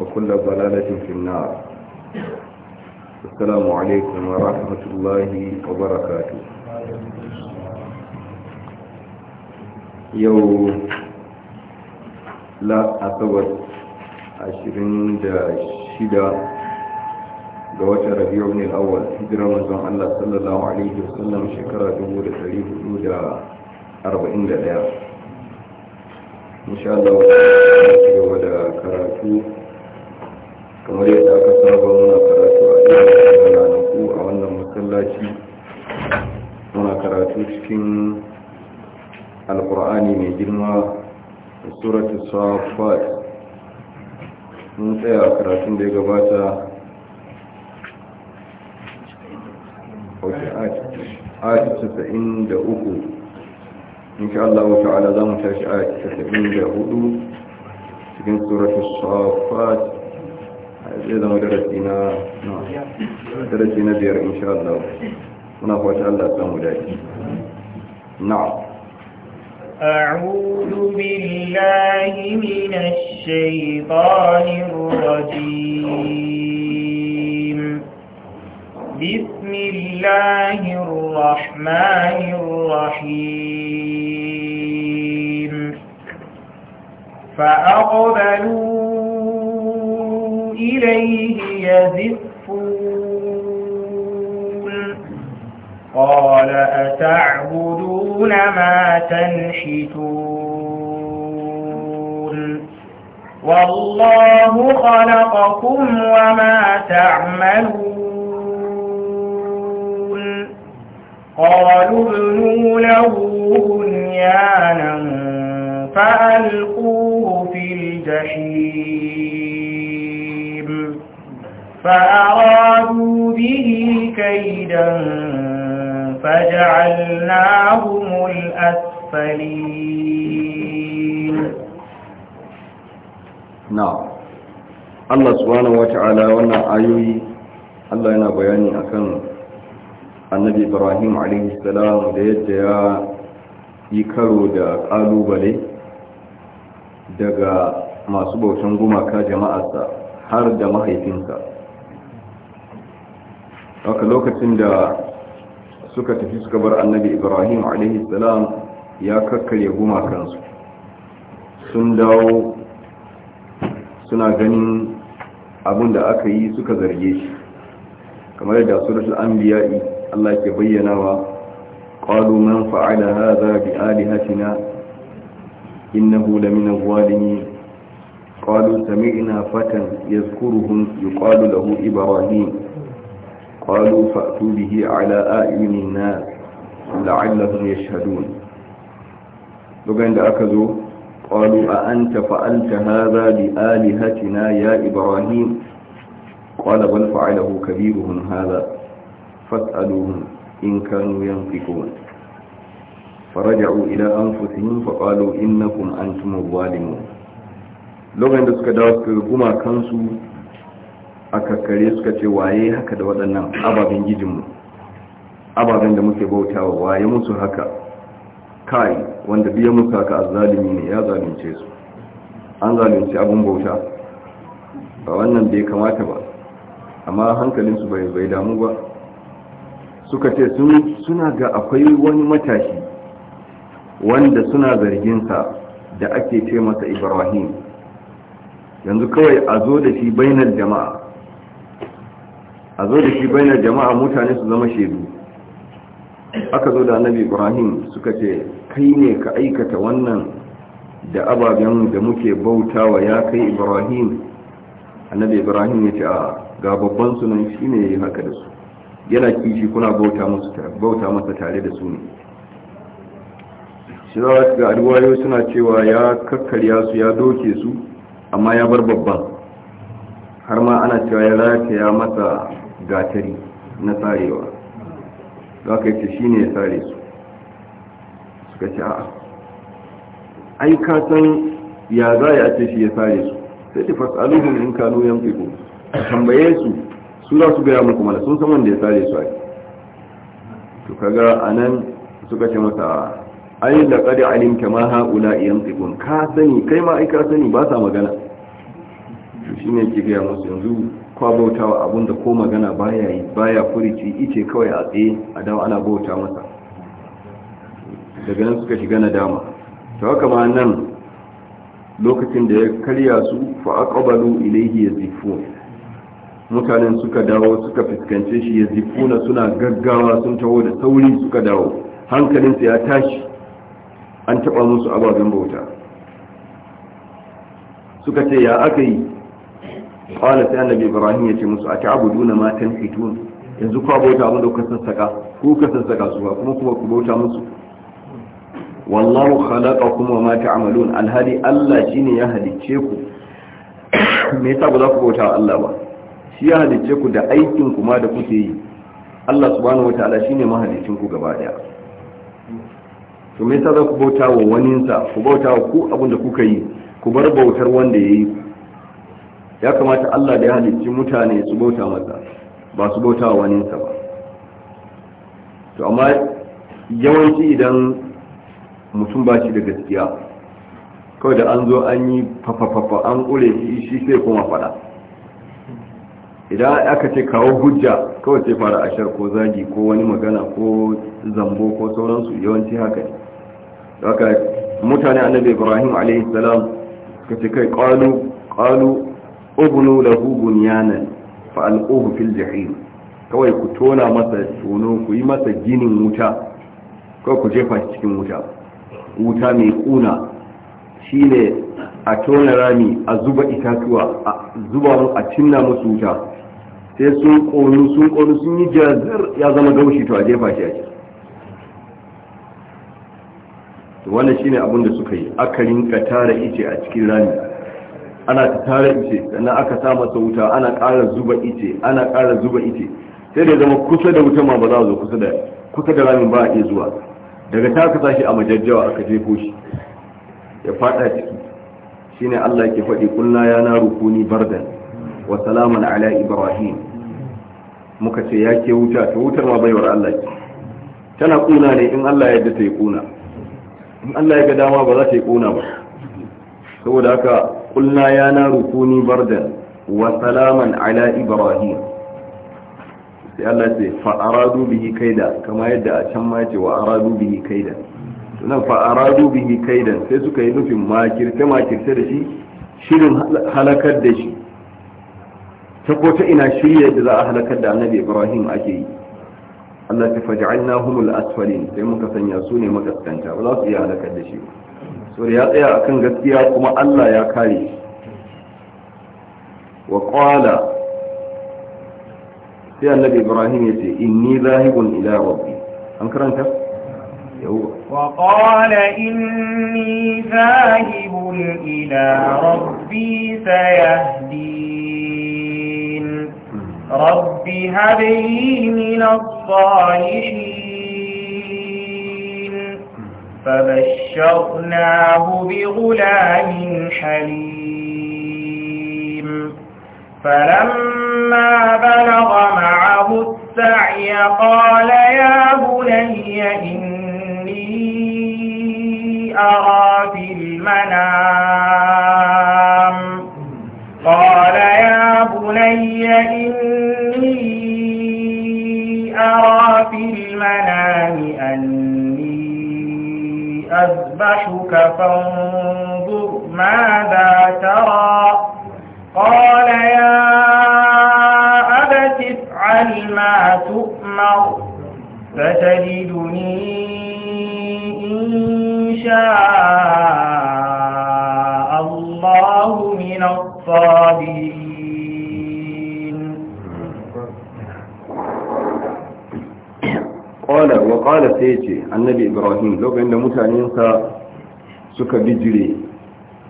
وكل ضلالة في النار السلام عليكم ورحمة الله وبركاته يو لا أتوت عشرين دا شدا قوات ربيع بن الأول هجرة مزون الله صلى الله عليه وسلم شكرا جمهور الحديث الأولى أربعين دا إن شاء الله وسلم da karatu kamar yadda aka saba muna karatu a cikin ranaku a wannan masallaci muna karatu cikin alkur'ani mai girma da suratun safat mun tsaya a karatun da ya gabata uku 93 insha Allah ta'ala za mu tashi da 94 cikin suratul safat هذا درسنا نعم درسنا دير إن شاء الله ونقوى شاء الله سمجد نعم أعوذ بالله من الشيطان الرجيم بسم الله الرحمن الرحيم فأقبلوا إليه يزفون قال أتعبدون ما تنحتون والله خلقكم وما تعملون قالوا ابنوا له بنيانا فألقوه في الجحيم كذب فأرادوا به كيدا فجعلناهم الأسفلين نعم Allah subhanahu wata'ala wannan ayoyi Allah yana bayani akan annabi Ibrahim alaihi salam da yadda ya yi karo da ƙalubale daga masu bautan gumaka jama'arsa har da mahaifinsa haka lokacin da suka tafi suka bar annabi ibrahim a.s. ya kakkarya gumakansu sun dawo suna ganin abin da aka yi suka zarge shi kamar da suratul anbiya'i Allah ke bayyana wa qalu man fa'ala na bi alihatina innahu lamina zalimin قالوا سمعنا فتى يذكرهم يقال له إبراهيم قالوا فأتوا به على آئين الناس لعلهم يشهدون لقد أكذوا قالوا أأنت فألت هذا بآلهتنا يا إبراهيم قال بل فعله كبيرهم هذا فاسألوهم إن كانوا ينفقون فرجعوا إلى أنفسهم فقالوا إنكم أنتم الظالمون lokacin da suka dawo suka guma kansu a kakkare suka ce waye haka da waɗannan ababen gijinmu ababen da muke bauta wa waye musu haka kai wanda biya musu haka a zalimi ne ya zalunce su an zalunci abin bauta ba wannan bai kamata ba amma hankalinsu bai bai damu ba suka ce suna ga akwai wani matashi wanda suna zarginsa da ake ce masa ibrahim yanzu kawai a zo da shi bainar jama'a a zo da shi bainar jama'a mutane su zama shaidu aka zo da annabi ibrahim suka ce kai ne ka aikata wannan da ababen da muke bautawa ya kai ibrahim annabi ibrahim ya ce a ga babban sunan shi ne ya yi haka da su yana kishi kuna bauta masa tare da su ne shi za ga suna cewa ya kakkarya su ya doke su amma ya bar babban har ma ana cewa ya ya masa gatari na tsarewa za ka ce shi ne ya tsare su suka ce a'a ai ka san ya za ya ce shi ya tsare su sai ta fasaluhun in kano yan fiko a tambaye su su za su gaya muku mana sun san wanda ya tsare su ai to kaga anan suka ce mata ai kada alimta ma haula yantiqun ka sani kai ma ai ka sani ba sa magana to shine ki ga musu yanzu kwa bautawa da ko magana baya yi baya furici ice kawai a tsaye a dawo ana bauta masa daga nan suka shiga nadama to haka ma nan lokacin da ya karya su fa aqbalu ilayhi yazifun mutanen suka dawo suka fuskance shi yazifuna suna gaggawa sun taho da sauri suka dawo hankalinsa ya tashi an taɓa musu ababen bauta suka ce ya aka yi ƙwala sai annabi ibrahim ya ce musu a duna ma tanhitun yanzu ku bauta abin da kuka sassaka ku ka su ba kuma kuma ku bauta musu wallahu kuma wa ma ta'malun alhali Allah shine ya halicce ku me yasa ba za ku bauta Allah ba shi ya halicce ku da aikin kuma da kuke yi Allah subhanahu wataala shine mahalicin ku gaba daya to me yasa za ku bauta wa waninsa ku bauta wa ku abin da kuka yi ku bar bautar wanda ya yi ya kamata Allah da ya halicci mutane su bauta masa ba su bauta wa waninsa ba to amma yawanci idan mutum ba shi da gaskiya kawai da an zo an yi fafafafa an ƙure shi shi sai kuma fada idan aka ce kawo hujja kawai sai fara ashar ko zagi ko wani magana ko zambo ko sauransu yawanci haka ne daga mutane annabi ibrahim alaihi salam kace kai qalu qalu ubnu lahu bunyanan fa alquhu fil jahim kawai ku tona masa tono ku yi masa ginin wuta kawai ku jefa shi cikin wuta wuta mai kuna shine a tona rami a zuba itatuwa a zuba mu a cinna musu wuta sai sun konu sun konu sun yi jazir ya zama gaushi to a jefa shi a cikin to wannan shine abin da suka yi aka rinka tara ice a cikin rami ana ta tara ice sannan aka sa masa wuta ana ƙara zuba ice ana ƙara zuba ice sai da zama kusa da wuta ma ba za a zo kusa da kusa da ramin ba a iya zuwa daga ta aka tashi a majajjawa aka jefo shi ya fada ciki shine Allah ke faɗi kullu ya na rukuni bardan wa salaman ala ibrahim muka ce ya ke wuta to wutar ma baiwar Allah ce tana kuna ne in Allah ya yarda ta yi kuna in Allah ya ga dama ba za ta yi kona ba saboda haka kulna ya na rukuni bardan wa salaman ala ibrahim sai Allah ce fa aradu bihi kaida kama yadda a can ma ce wa aradu bihi kaida nan fa aradu bihi kaida sai suka yi nufin makirce makirce da shi shirin halakar da shi ta ko ta ina shirya da za a halakar da annabi ibrahim ake yi Allah ta na humul asfalin sai muka sanya su ne makaskanta ba za su iya halakar da shi so ya tsaya akan gaskiya kuma Allah ya kare wa qala sai annabi Ibrahim ya ce ni zahibun ila rabbi an karanta وقال إني ذاهب إلى ربي سيهدين رب هب لي من الصالحين فبشرناه بغلام حليم فلما بلغ معه السعي قال يا بني إني أرى في المنام قال يا بني إني أرى في المنام أني أذبحك فانظر ماذا ترى قال يا أبت افعل ما تؤمر فتجدني إن شاء الصابرين قال وقال سيتي النبي إبراهيم لو عند متعنينسا سكا بجري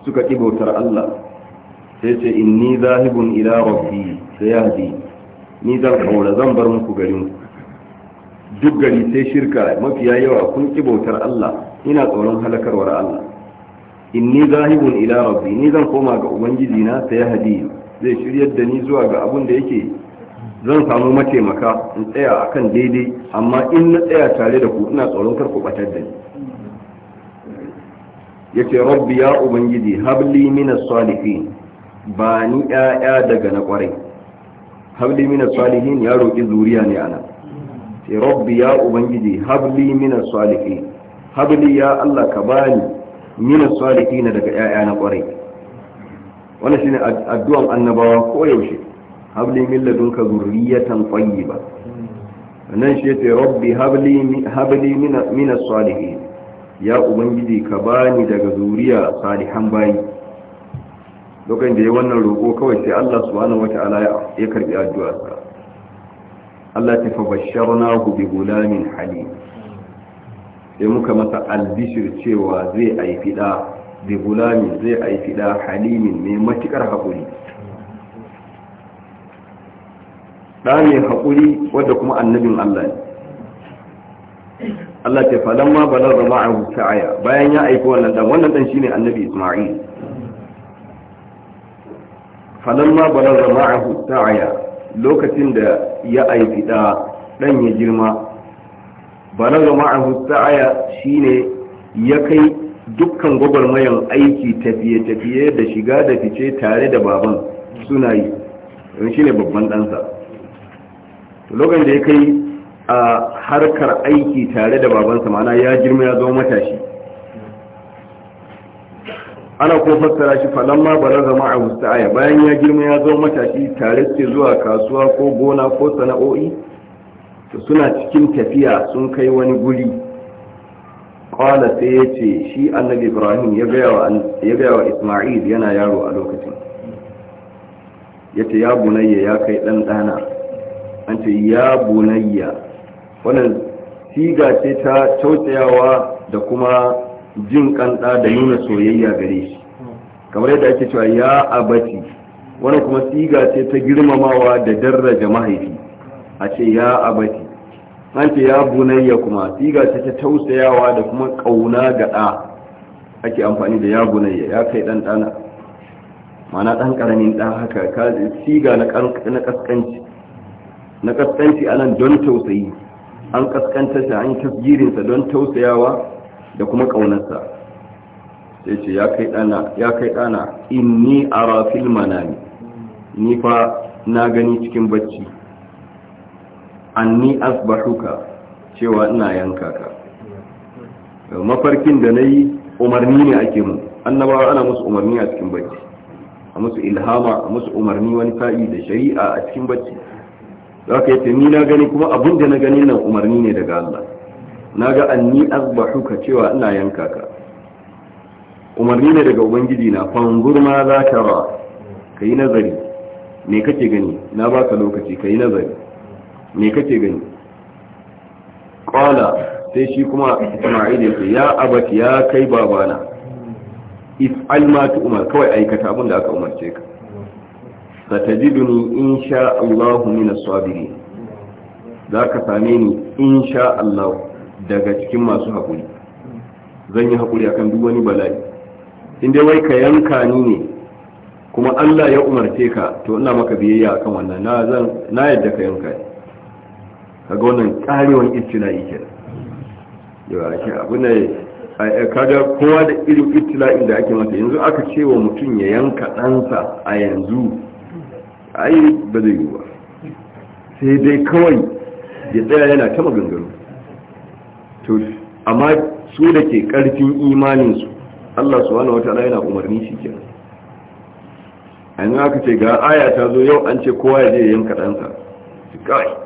سكا إبوتر الله zahibun ila ذاهب sai ya سيهدي ni zan kaura zan bar muku garin duk gari sai shirka mafiya yawa kun ki bautar Allah ina tsoron halakarwar Allah inni zahibun ila rabbi ni zan koma ga ubangiji na ta yahdi zai shiryar da ni zuwa ga abun da yake zan samu mataimaka in tsaya akan daidai amma in na tsaya tare da ku ina tsoron kar ku batar da ni yace rabbi ya ubangiji habli min as-salihin ba ni yaya daga na kwarai habli min as-salihin ya roki zuriya ne ana ce rabbi ya ubangiji habli min as-salihin habli ya Allah ka bani Mina minas na daga yaya na kwarai wannan ne addu'an annabawa ko yaushe habli min ladunka zurriyatan ba. nan shi ya rabbi habli habli min ya ubangiji ka bani daga zuriya salihan bayi lokacin da ya wannan roƙo kawai sai Allah subhanahu wata'ala ya karbi addu'arsa Allah ta fa na bi gulamin hali. sai muka masa albishir cewa zai aifi da da zai aifi da halimin mai matukar haƙuri ɗa mai haƙuri wadda kuma annabin allah ne allah ce falon ma balar da ma'ahu ta'aya bayan ya aiki wannan ɗan wannan ɗan shine annabi ismail falon ma balar da ma'ahu ta'aya lokacin da ya aifi da ɗan ya girma ga ma'ahu sa'aya shine ya kai dukkan gwagwarmayan aiki tafiye-tafiye da shiga da fice tare da baban suna yi don shine babban ɗansa lokacin da ya kai a harkar aiki tare da babansa mana ya girma ya zama matashi ana ko fassara shi falamma balaga ma'ahu sa'aya bayan ya girma ya zama matashi tare suke zuwa kasuwa ko gona ko sana'o'i to suna cikin tafiya sun kai wani guri Kwana sai ya ce shi annabi ibrahim ya gaya wa isma'il yana yaro a lokacin ya ce ya bunayya ya kai dan dana an ce ya bunayya wannan siga ce ta cautayawa da kuma jin ƙanɗa da nuna soyayya gare shi kamar yadda ake cewa ya abati wannan kuma siga ce ta girmamawa da daraja mahaifi a ce ya abati an ce ya bunayya kuma siga ce ta tausayawa da kuma kauna ga da ake amfani da ya bunayya ya kai dan dana mana dan karamin dan haka ka siga na na kaskanci na kaskanci anan don tausayi an kaskanta shi an tasgirin sa don tausayawa da kuma ƙaunarsa. sai ce ya kai dana ya kai dana inni ara fil manami ni fa na gani cikin bacci anni asbahuka cewa ina yanka ka mafarkin da na yi umarni ne ake mu annabawa ana musu umarni a cikin bacci a musu ilhama a musu umarni wani sa'i da shari'a a cikin bacci za ka yace ni na gani kuma abin da na gani nan umarni ne daga Allah na ga anni asbahuka cewa ina yanka ka umarni ne daga ubangiji na fangur ma za ka ra ka yi nazari me kake gani na baka lokaci ka yi nazari me kake gani qala sai shi kuma Isma'il ya ce ya abati ya kai babana if'al ma tu'mar kawai aikata abin da aka umarce ka satajiduni insha Allah min as sabiri zaka same ni insha Allah daga cikin masu hakuri zan yi hakuri akan duk wani bala'i in dai wai ka yanka ni ne kuma Allah ya umarce ka to ina maka biyayya akan wannan na zan na yadda ka yanka ni kaga wannan karewan ke Yau yawa ake abu ne kaga kowa da irin ibtila'in da ake masa yanzu aka ce wa mutum ya yanka ɗansa a yanzu ai ba zai yi ba sai dai kawai ya tsaya yana ta maganganu to amma su da ke ƙarfin imaninsu Allah su wani wata yana umarni shi A yanzu aka ce ga aya ta zo yau an ce kowa ya je yanka ɗansa kawai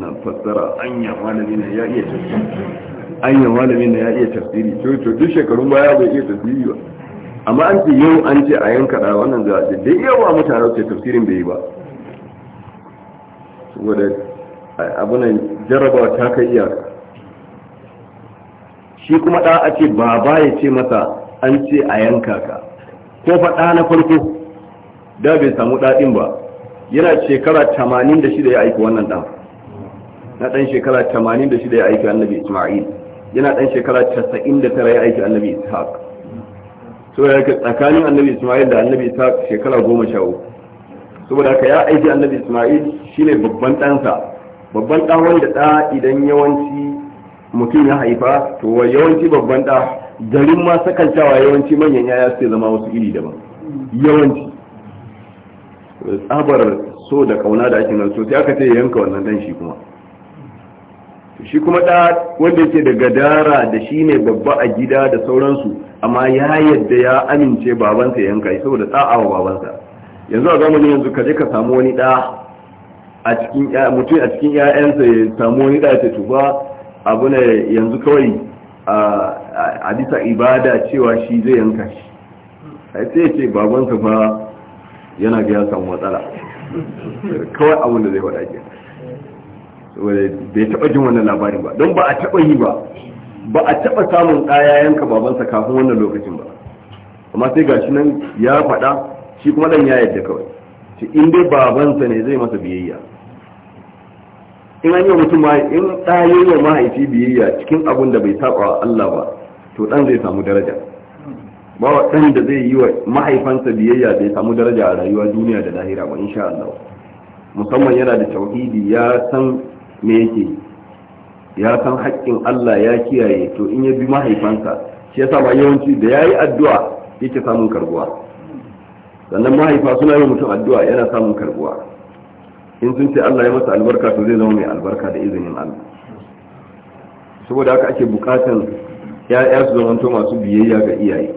na fassara anyan malamin ne ya iya tafsiri ya iya tafsiri to to duk shekarun baya bai iya tafsiri ba amma an ce yau an ce a yanka da wannan za a da yawa mutane ce tafsirin bai yi ba saboda abu nan jarabawa ta kai iyaka shi kuma da a ce baba ya ce masa an ce a yanka ka ko faɗa na farko da bai samu ɗaɗin ba yana shekara 86 ya aiki wannan ɗan na ɗan shekara 86 ya aiki annabi Isma'il yana ɗan shekara 99 ya aiki annabi Ishaq saboda haka tsakanin annabi Isma'il da annabi Ishaq shekara 13 saboda haka ya aiki annabi Isma'il shine babban ɗansa babban ɗa wanda ɗa idan yawanci mutum ya haifa to yawanci babban ɗa garin ma sakantawa yawanci manyan yaya sai zama wasu iri daban yawanci tsabar so da kauna da ake nan so sai aka ce yanka wannan dan shi kuma shi kuma da wanda yake da gadara da shi ne babba a gida da sauransu amma ya yadda ya amince babansa yanka shi saboda tsa'a wa babansa yanzu a zamanin yanzu ka je ka samu wani da a cikin mutum a cikin 'ya'yansa ya samu wani da ce tuba abu ne yanzu kawai a bisa ibada cewa shi zai yanka shi sai ya ce babansa fa yana ga ya samu matsala kawai abin da zai faɗa kenan bai taɓa jin wannan labarin ba don ba a taɓa yi ba ba a taɓa samun ɗaya yanka babansa kafin wannan lokacin ba amma sai gashi nan ya faɗa shi kuma dan ya yadda kawai shi in dai babansa ne zai masa biyayya in an yi mutum in ɗaya yi wa mahaifi biyayya cikin abun da bai saba Allah ba to ɗan zai samu daraja ba wa ɗan da zai yi wa mahaifansa biyayya bai samu daraja a rayuwa duniya da lahira ba insha Allah musamman yana da tauhidi ya san me yake ya san haƙƙin Allah ya kiyaye to in ya bi mahaifansa shi yasa ma yawanci da yayi addu'a yake samun karbuwa sannan mahaifa suna yin mutum addu'a yana samun karbuwa in sun ce Allah ya masa albarka to zai zama mai albarka da izinin Allah saboda haka ake bukatan ya'ya su to masu biyayya ga iyaye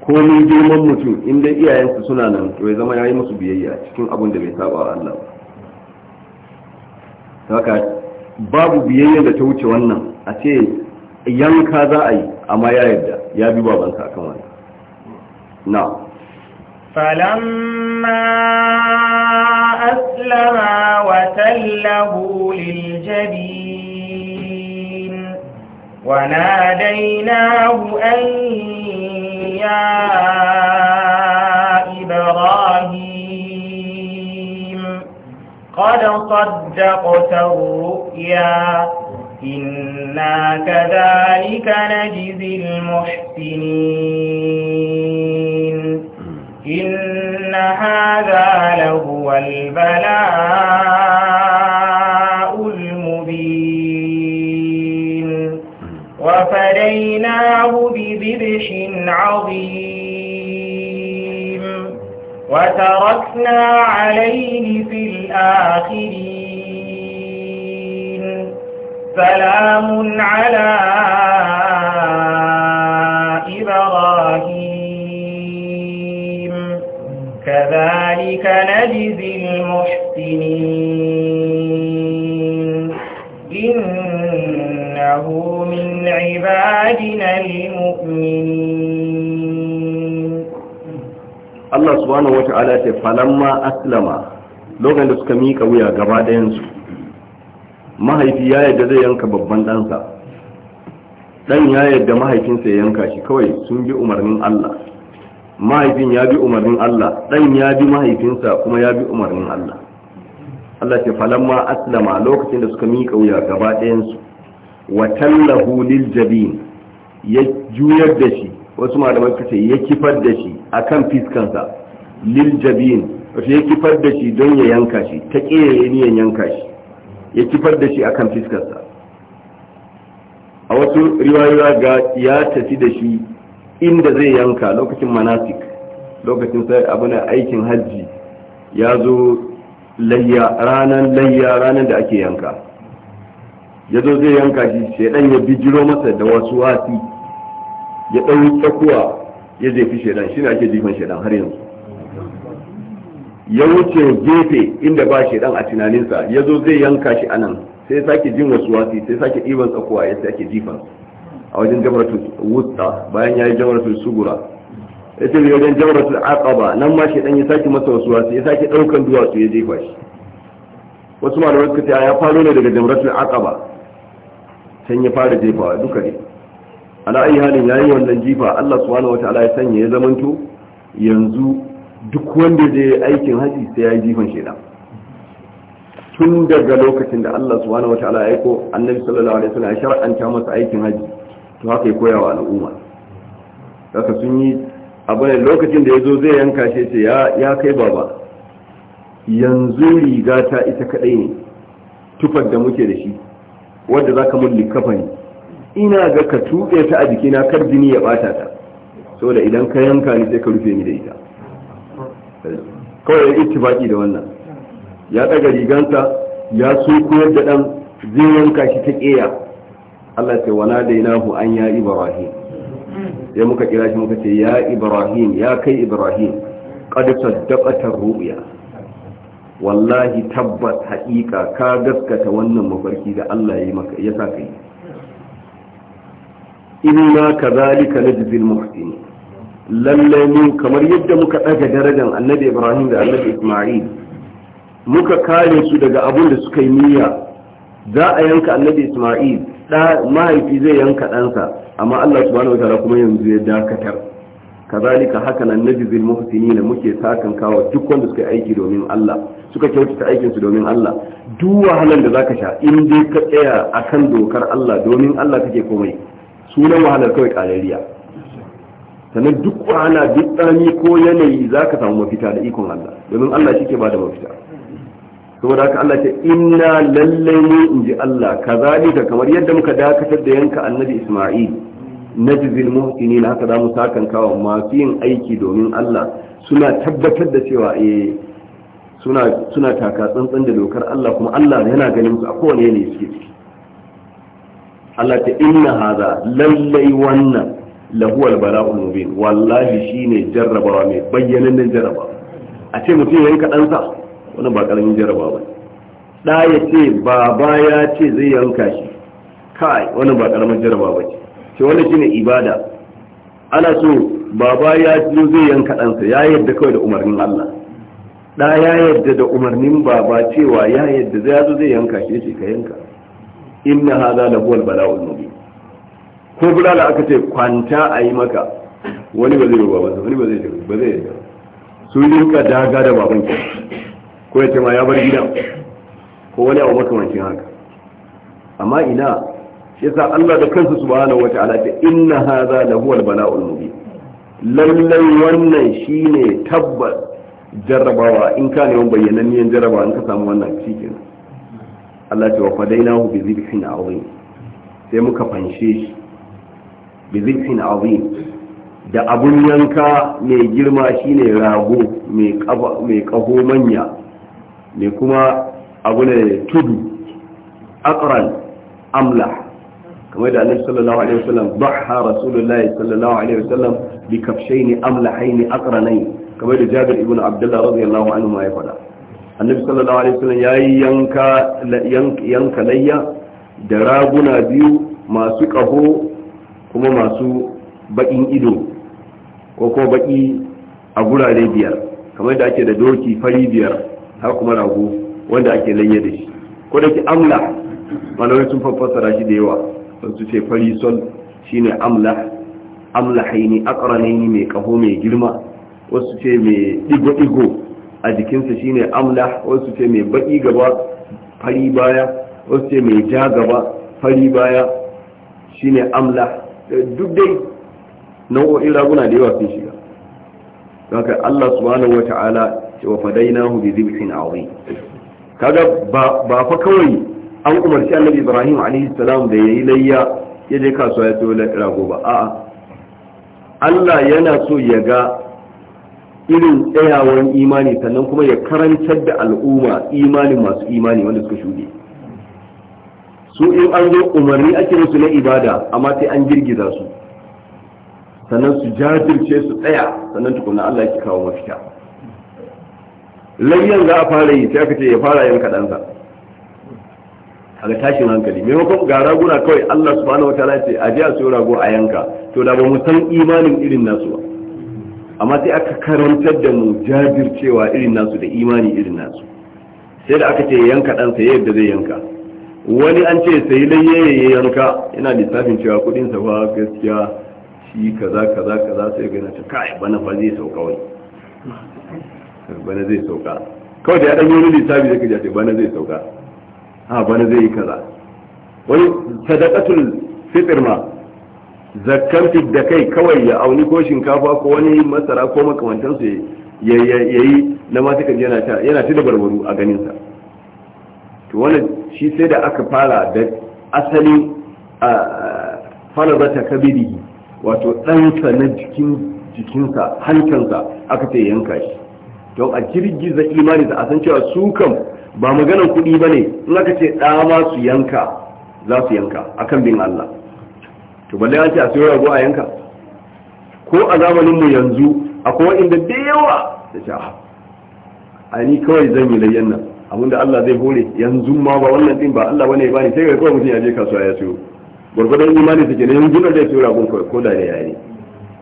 ko ni girman mutum inda iyayensu suna nan to ya zama yayi musu biyayya cikin abin da bai saba Allah ba babu biyayyen da ta wuce wannan a ce yanka za a yi amma ya yarda ya bi babanka akan wannan na falamma aslama wa tallahu lil jabi وَنَادَيْنَاهُ أَنْ يَا Ibrahim. قد صدقت الرؤيا إنا كذلك نجزي المحسنين إن هذا لهو البلاء المبين وفديناه بذبح عظيم وتركنا عليه في الآخرين سلام على إبراهيم كذلك نجزي المحسنين إنه من عبادنا المؤمنين Allah subhanahu wata'ala ce falamma aslama lokacin da suka mika wuya gaba ɗayansu mahaifi ya yadda zai yanka babban ɗansa ɗan ya yadda mahaifinsa ya yanka shi kawai sun bi umarnin Allah mahaifin ya bi umarnin Allah ɗan ya bi mahaifinsa kuma ya bi umarnin Allah Allah ce falamma aslama lokacin da suka mika wuya gaba ɗayansu wa tallahu lil jabin ya juyar da shi wasu malamai suka ce ya kifar da shi akan fiskansa lil jabin wasu ya kifar da shi don ya yanka shi ta ƙiyaye niyan yanka shi ya kifar da shi akan fiskarsa a wasu riwayoyi ga ya tafi da shi inda zai yanka lokacin manasik lokacin sai abu na aikin hajji ya zo ranar layya ranar da ake yanka ya zo zai yanka shi shaidan ya bijiro masa da wasu wasi ya ɗau tsakuwa ya jefi shaidan shi ne ake jifan shaidan har yanzu ya wuce gefe inda ba shaidan a tunaninsa ya zo zai yanka shi anan sai sake jin wasu wasi sai sake ɗiban tsakuwa ya sake jifan a wajen jamratu wutta bayan ya yi jamratu sugura ya ce wajen jamratu aqaba nan ma shaidan ya sake masa wasu wasi ya sake ɗaukan duwatsu ya jefa shi wasu malamai suka ce ya faro ne daga jamratu aqaba can ya fara jefawa duka ne ala ayi halin yayi wannan jifa Allah subhanahu wataala ya sanya ya zamanto yanzu duk wanda zai aikin haji sai ya yi jifan sheda tun daga lokacin da Allah subhanahu wataala ya aiko annabi sallallahu alaihi wasallam ya shar'anta masa aikin haji to haka ya koya wa al'umma saka sun yi abin lokacin da ya zo zai yanka shi sai ya kai baba yanzu riga ta ita kadai ne tufar da muke da shi wanda zaka ka mulli ina ga ka tuɓe ta a jikina kar jini ya ɓata ta saboda idan ka yanka ni sai ka rufe ni da ita kawai ya ittifaki da wannan ya ɗaga riganta ya so koyar da ɗan zai yanka shi ta ƙeya Allah ce wana hu an ya ibrahim sai muka kira shi muka ce ya ibrahim ya kai ibrahim qad wallahi tabbas haƙiƙa ka gaskata wannan mafarki da Allah ya maka ka yi. inna kadhalika najzil muhsinin lalle mu kamar yadda muka daga darajar annabi Ibrahim da annabi Isma'il muka kare su daga abin da suka yi niyya za a yanka annabi Isma'il da mahaifi zai yanka ɗansa amma Allah subhanahu wa ta'ala kuma yanzu ya dakatar kazalika haka nan najzil muhsinina muke sakan kawo duk wanda suka aiki domin Allah suka kyautata aikin su domin Allah duk wahalan da zaka sha in dai ka tsaya akan dokar Allah domin Allah kake komai sunan wahalar kawai ƙarariya sannan duk wahala duk tsami ko yanayi za ka samu mafita da ikon Allah domin Allah shi ke ba da mafita saboda haka Allah ce inna lallai ne in ji Allah ka ka kamar yadda muka dakatar da yanka annabi Isma'il na najzil na haka za mu sakan kawo masu yin aiki domin Allah suna tabbatar da cewa e suna suna taka tsantsan da dokar Allah kuma Allah yana ganin su a kowane yanayi suke ciki Allah ta inna haza lallai wannan lahuwal bala'ul mubin wallahi shine jarrabawa mai nan jarraba a ce mutum ya yanka ɗansa wannan ba karamin jarraba ba da ya ce baba ya ce zai yanka shi kai wannan ba karamin jarraba ba ce ce wannan shine ibada ana so baba ya ce zai yanka ɗansa ya yarda kawai da umarnin Allah da ya yarda da umarnin baba cewa ya yarda zai zo zai yanka shi ce ka yanka inna hadha huwa al-bala'ul mubin ko bulala aka ce kwanta a yi maka wani ba zai yi babansa wani ba zai yi ba zai yi su rinka daga da baban ki ko ya ce ma ya bar gida ko wani abu makamancin haka amma ina sa Allah da kansa subhanahu wata'ala ta inna hadha huwa al-bala'ul mubin lallai wannan shine tabbas jarrabawa in ka ne wani bayyananniyan jarrabawa in ka samu wannan cikin. Allah ce wa fadainahu bi zibhin azim sai muka fanshe shi bi zibhin azim da abun yanka mai girma shine rago mai kaho manya mai kuma abu ne tudu aqran, amla kamar da annabi sallallahu alaihi wasallam dhaha rasulullahi sallallahu alaihi wasallam bi kafshaini amlahaini akranain kamar da jabir ibn abdullah radiyallahu anhu ya faɗa annabi sallallahu alaihi wasallam yayi yanka yanka layya da raguna biyu masu kaho kuma masu bakin ido ko kuma baki a gurare biyar kamar da ake da doki fari biyar har kuma rago wanda ake layya da shi ko da ke amla malamai sun fassara shi da yawa sun ce fari sol shine amla amla haini akaranaini mai kaho mai girma wasu ce mai digo-digo a jikinsa shine amla wasu ce mai baki gaba fari baya wasu ce mai ja gaba fari baya shine amla duk dai nau'o'in raguna da yawa sun shiga haka Allah subhanahu ce wa fadainahu bi dhibhin azim kaga ba fa kawai an umarci Annabi Ibrahim alaihi salam da yayi layya ya je kasuwa ya sayo rago ba a'a Allah yana so ya ga irin tsayawar imani sannan kuma ya karantar da al'umma imanin masu imani wanda suka shuɗe su in an zo umarni ake musu na ibada amma sai an girgiza su sannan su jajirce su tsaya sannan tukuna Allah ya kawo mafita layyan za a fara yi sai aka ce ya fara yin kaɗansa a ga tashin hankali maimakon ga raguna kawai Allah subhanahu ya ce a je a siyo rago a yanka to da ba mu san imanin irin nasu ba amma sai aka karantar da mu jajircewa irin nasu da imani irin nasu sai da aka ce yanka ɗansa yadda zai yanka wani an ce sai laye ya yanka yana lissafin cewa kudin sa gaskiya shi kaza kaza kaza sai ga na kai bana fa zai sauka wai bana zai sauka kawai da ya dan yi lissafi da kaje bana zai sauka ha bana zai yi kaza wani sadaqatul fitr ma zakkan da kai kawai ya auni ko shinkafa ko wani masara ko su ya yi na masu kan yana ta da barbaru a ganinsa to wannan shi sai da aka fara da asali fara zata kabiri wato ɗansa na jikin jikinsa hankansa aka ce yanka shi don a girgiza imani da a san cewa su kan ba maganar kuɗi ba ne in aka ce ɗama su yanka za su yanka akan bin Allah to balle an ce a sayo rago a yanka ko a zamanin mu yanzu akwai wa'inda da yawa da ta a ah, ni kawai zan yi layyan nan abinda Allah zai hore yanzu ma ba wannan din ba Allah bane ya bani, sai kai kawai mutum ya je kasuwa ya tsoro gurgurdan imani take ne yanzu da zai sayo ragon kawai ko da ne yi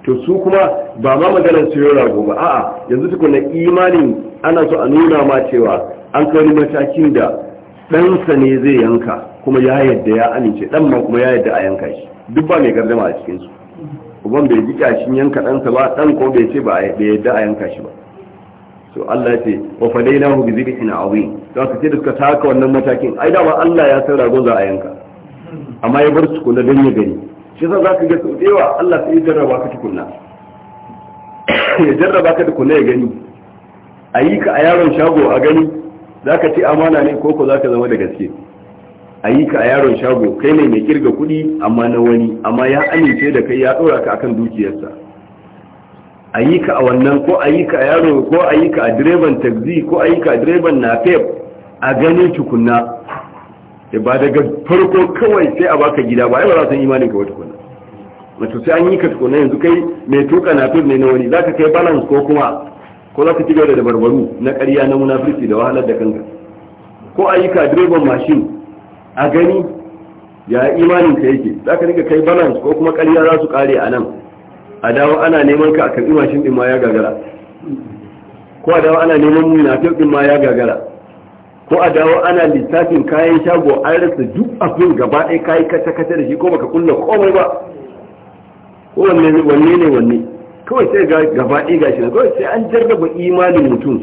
to su kuma ba ma maganar sayo rago ba a'a yanzu tukuna imanin ana so a nuna ma cewa an kai matakin da ɗansa ne zai yanka kuma ya yadda ya amince ɗan ma kuma ya yadda a yanka shi duk ba mai gardama a cikinsu uban bai ji kashin yanka ɗansa ba ɗan ko bai ce ba yadda a yanka shi ba to Allah ce wa fadainahu bi zibhin azim to aka ce da suka taka wannan matakin ai dama Allah ya san ragon za a yanka amma ya bar su kula don ya gani shi yasa zaka ga sau dewa Allah sai ya jarraba ka tukunna ya jarraba ka tukunna ya gani a yi ka a yaron shago a gani zaka ce amana ne ko ko zaka zama da gaske a yi ka a yaron shago kai ne mai kirga kuɗi amma na wani amma ya amince da kai ya ɗora ka akan dukiyarsa a yi ka a wannan ko a yi ka a yaro ko a yi ka a direban taxi ko a yi ka a direban nafef a ganin tukunna ba daga farko kawai sai a baka gida ba ai ba za su imanin ka wata kuna wato sai an yi ka tukuna yanzu kai mai tuka na ne na wani zaka kai balance ko kuma ko zaka ci gaba da barbaru na ƙarya na munafurci da wahalar da kanka ko a yi ka direban mashin a gani ya imanin ka yake za ka dinga kai balance ko kuma ƙarya za su ƙare a nan a dawo ana neman ka a karɓi mashin ɗin ma ya gagara ko a dawo ana neman munafin ɗin ma ya gagara ko a dawo ana lissafin kayan shago an rasa duk abin gaba ɗaya kayi kata kata da shi ko baka kulla komai ba ko wanne wanne ne wanne kawai sai ga gaba ɗaya gashi na kawai sai an jarraba imanin mutum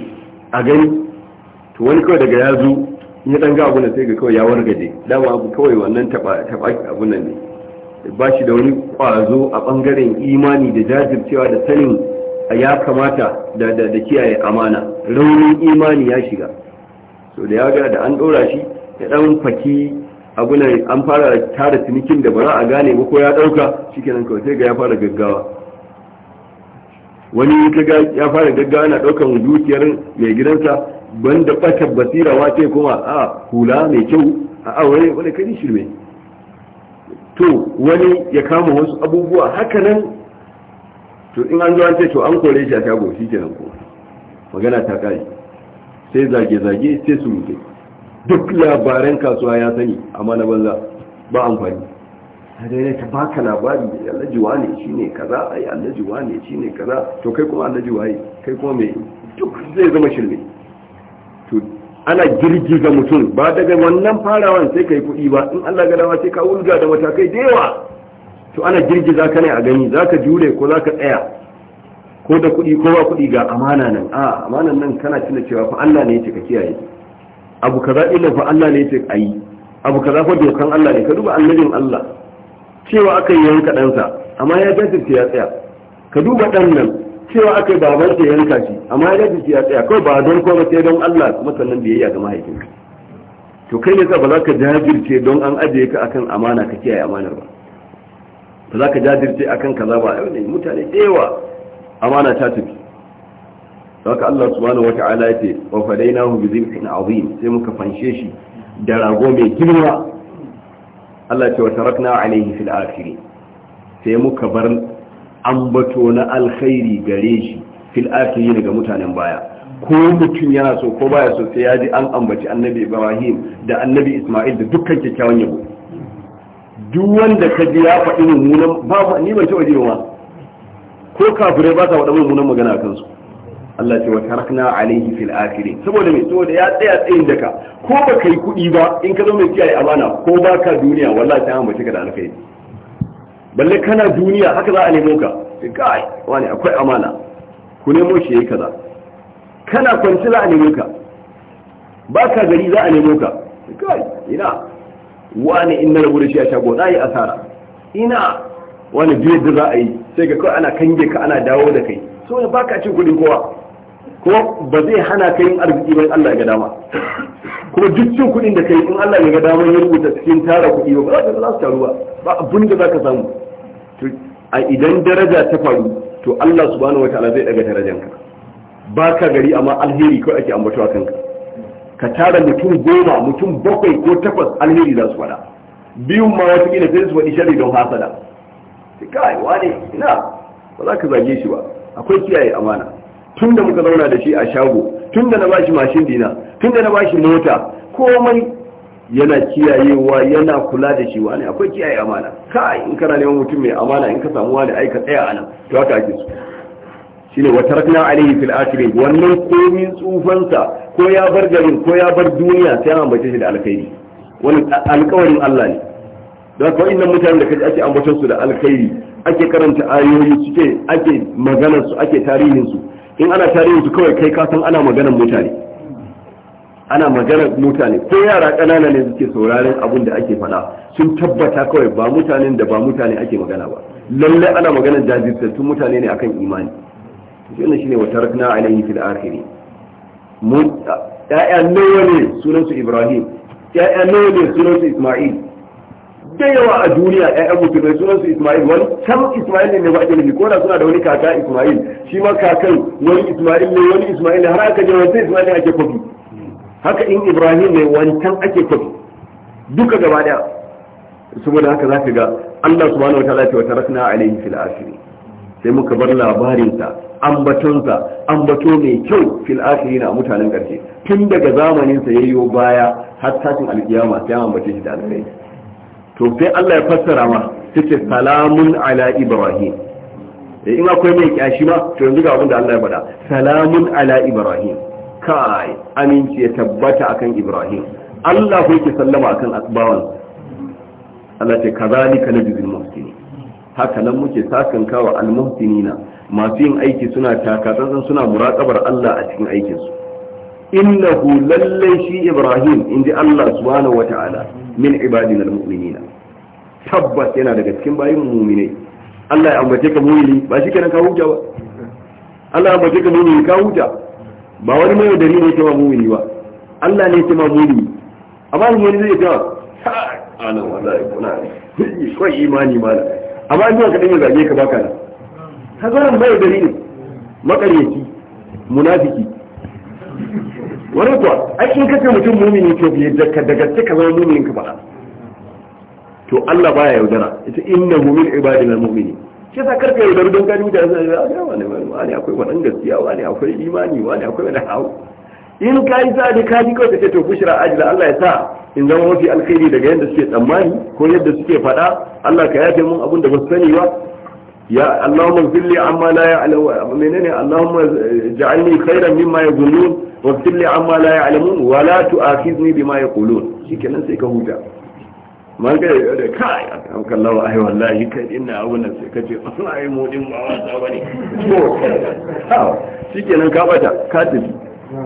a gani to wani kawai daga ya zo in ya dan ga abunan sai ga kawai ya wargaje dama abu kawai wannan taba abunan ne ba shi da wani ƙwazo a ɓangaren imani da jajircewa da sanin ya kamata da kiyaye amana raunin imani ya shiga so da ya ga da an ɗora shi ya dan faki abunan an fara tara cinikin da ba za a gane ba ko ya shi kenan kawai sai ga ya fara gaggawa wani ya fara gaggawa na ɗaukar dukiyar mai gidansa banda ɓata basira wace kuma a hula mai kyau a aure wani kari shirme to wani ya kama wasu abubuwa hakanan to in an zo an ce to an kore shi a shago shi ke nan kuma. magana ta kare sai zage-zage sai su mutu. duk labaran kasuwa ya sani amma na banza ba amfani hadari ta baka labari da allaji wane shi ne kaza ai allaji wane shi ne kaza to kai kuma allaji waye kai kuma mai duk zai zama shirme to ana ga mutum ba daga wannan farawan sai ka yi kuɗi ba in Allah ga dama sai ka wulga da matakai da yawa to ana girgiza ka ne a gani za ka jure ko za ka tsaya ko da kuɗi ko ba kuɗi ga amana nan a amanan nan kana tuna cewa fa Allah ne ya ce ka kiyaye abu kaza illa fa Allah ne ya ce ayi abu kaza fa dokan Allah ne ka duba annabin Allah cewa aka yi yanka ɗansa amma ya jajirce ya tsaya ka duba ɗan nan cewa aka baban ta yanka shi amma ya dace ya tsaya kawai ba don kuma sai don Allah kuma sannan biyayya ga mahaifinka to kai ne ba za ka jajirce don an ajiye ka akan amana ka kiyaye amanar ba ba za ka jajirce akan kaza ba ai ne mutane da amana ta tafi saboda Allah subhanahu wata'ala ya ce wa fadainahu bi dhibhin azim sai muka fanshe shi da rago mai girma Allah ce wa tarakna alaihi fil akhirin sai muka bar ambato na alkhairi gare shi fil akhirin ga mutanen baya ko mutum yana so ko baya so sai ya ji an ambaci annabi Ibrahim da annabi Ismail da dukkan kyakkyawan yabo duk wanda ka ji ya faɗi mummunan babu ni ban taɓa jiwa ko kafirai ba sa faɗa mummunan magana akan su Allah ce wa tarakna alaihi fil akhirin saboda me saboda ya tsaya tsayin daka ko ba kai kuɗi ba in ka zo mai kiyaye amana ko ba ka duniya wallahi ta ambace ka da alkhairi balle kana duniya haka za a nemo ka kai wani akwai amana ku nemo shi yayi kaza kana kwanci za a nemo ka baka gari za a nemo ka kai ina wani in na rabu da shi a shago za a yi asara ina wani biyar da za a yi sai ka kawai ana kange ka ana dawo da kai so baka cin kuɗin kowa ko ba zai hana ka yin arziki ba Allah ya ga dama kuma duk cin kuɗin da kai in Allah ya ga dama ya rubuta cikin tara kuɗi ba za ka za su taru ba ba abin da za ka samu a idan daraja ta faru to Allah subhanahu wataala zai daga darajanka ba ka gari amma alheri ko ake ambato a kanka ka tara mutum goma mutum bakwai ko takwas alheri za su faɗa biyun ma wata kila sai su faɗi shari don hasada kai wani ina ba za ka zage shi ba akwai kiyaye amana Tunda muka zauna da shi a shago tunda da na bashi mashin dina tunda da na bashi mota komai yana kiyayewa yana kula da shi wani akwai kiyaye amana kai in kana neman mutum mai amana in ka samu wani aika tsaya anan to haka ake so shine wa tarakna alayhi fil akhirin wannan komin tsufansa ko ya bar garin ko ya bar duniya sai an ambace shi da alkhairi wani alƙawarin Allah ne don kawai inna mutane da kaji ake ambaton su da alkhairi ake karanta ayoyi suke ake magana su ake tarihin su in ana tarihin su kawai kai ka san ana maganar mutane ana magana mutane ko yara ƙanana ne suke sauraren abin da ake faɗa sun tabbata kawai ba mutanen da ba mutane ake magana ba lalle ana magana jajirtattun mutane ne akan imani to wannan shine wa tarakna alaihi fil akhiri mun ya'ya nawa ne sunan su Ibrahim ya'ya nawa ne sunan su Isma'il da yawa a duniya ya'ya mutum sunan su Isma'il wani kan Isma'il ne ba ake nufi ko da suna da wani kaka Isma'il shi ma kakan wani Isma'il ne wani Isma'il ne har aka je wani Isma'il ne ake kofi haka in ibrahim mai wancan ake tafi duka gaba daya saboda haka za ka ga allah subhanahu wa ta'ala wa tarakna alaihi fil akhirin sai muka bar labarinsa ambatonsa ambato mai kyau fil akhirin a mutanen karshe tun daga zamanin sa yayyo baya har tashin alkiyama sai ambace shi da alkhairi to sai allah ya fassara ma sai salamun ala ibrahim eh, in akwai mai kyashi ba to yanzu ga abin da Allah ya faɗa salamun ala ibrahim kai aminci ya tabbata akan ibrahim Allah ko yake sallama akan asbawan Allah ce ka kazalika najzil muhsinin haka nan muke sakanka wa na, masu yin aiki suna takatsantsan suna muraqabar Allah a cikin aikin su innahu lallai shi ibrahim in ji Allah subhanahu ta'ala, min ibadina almu'minina tabbas yana daga cikin bayin mu'minai Allah ya ambace ka mu'mini ba shi kenan ka huta ba Allah ya ambace ka mu'mini ka huta ba wani mai dari ne ke mamuni ba Allah ne ke ma amma amma wani zai ga ana wallahi kuna kai imani mala amma ni ka dinga zage ka baka ga hazaran mai dari ne makaryaci munafiki wani kuwa ai in kace mutum mumini to bai daga daga cika zama muminin ka ba to Allah baya yaudara ita innahu min ibadina mu'minin shi sa karka yi don gani mutane suna yi a wani wani akwai wani gaskiya wani akwai imani wani akwai wani hau in ka yi sa da kaji kawai kace to a ajila Allah ya sa in zama mafi alkhairi daga yadda suke tsammani ko yadda suke faɗa Allah ka yafe mun abin da ba su sani ba ya Allahumma ghfirli amma la ya ya'lamu menene Allahumma ja'alni khairan mimma yaqulun wa ghfirli amma la ya alamu wa la tu'akhidni bima yaqulun shikenan sai ka huta man ga ya da kai a kan kallawa ai wallahi kai ina abu nan sai kace an ai modin ba wasa bane to ha shikenan ka bata ka tafi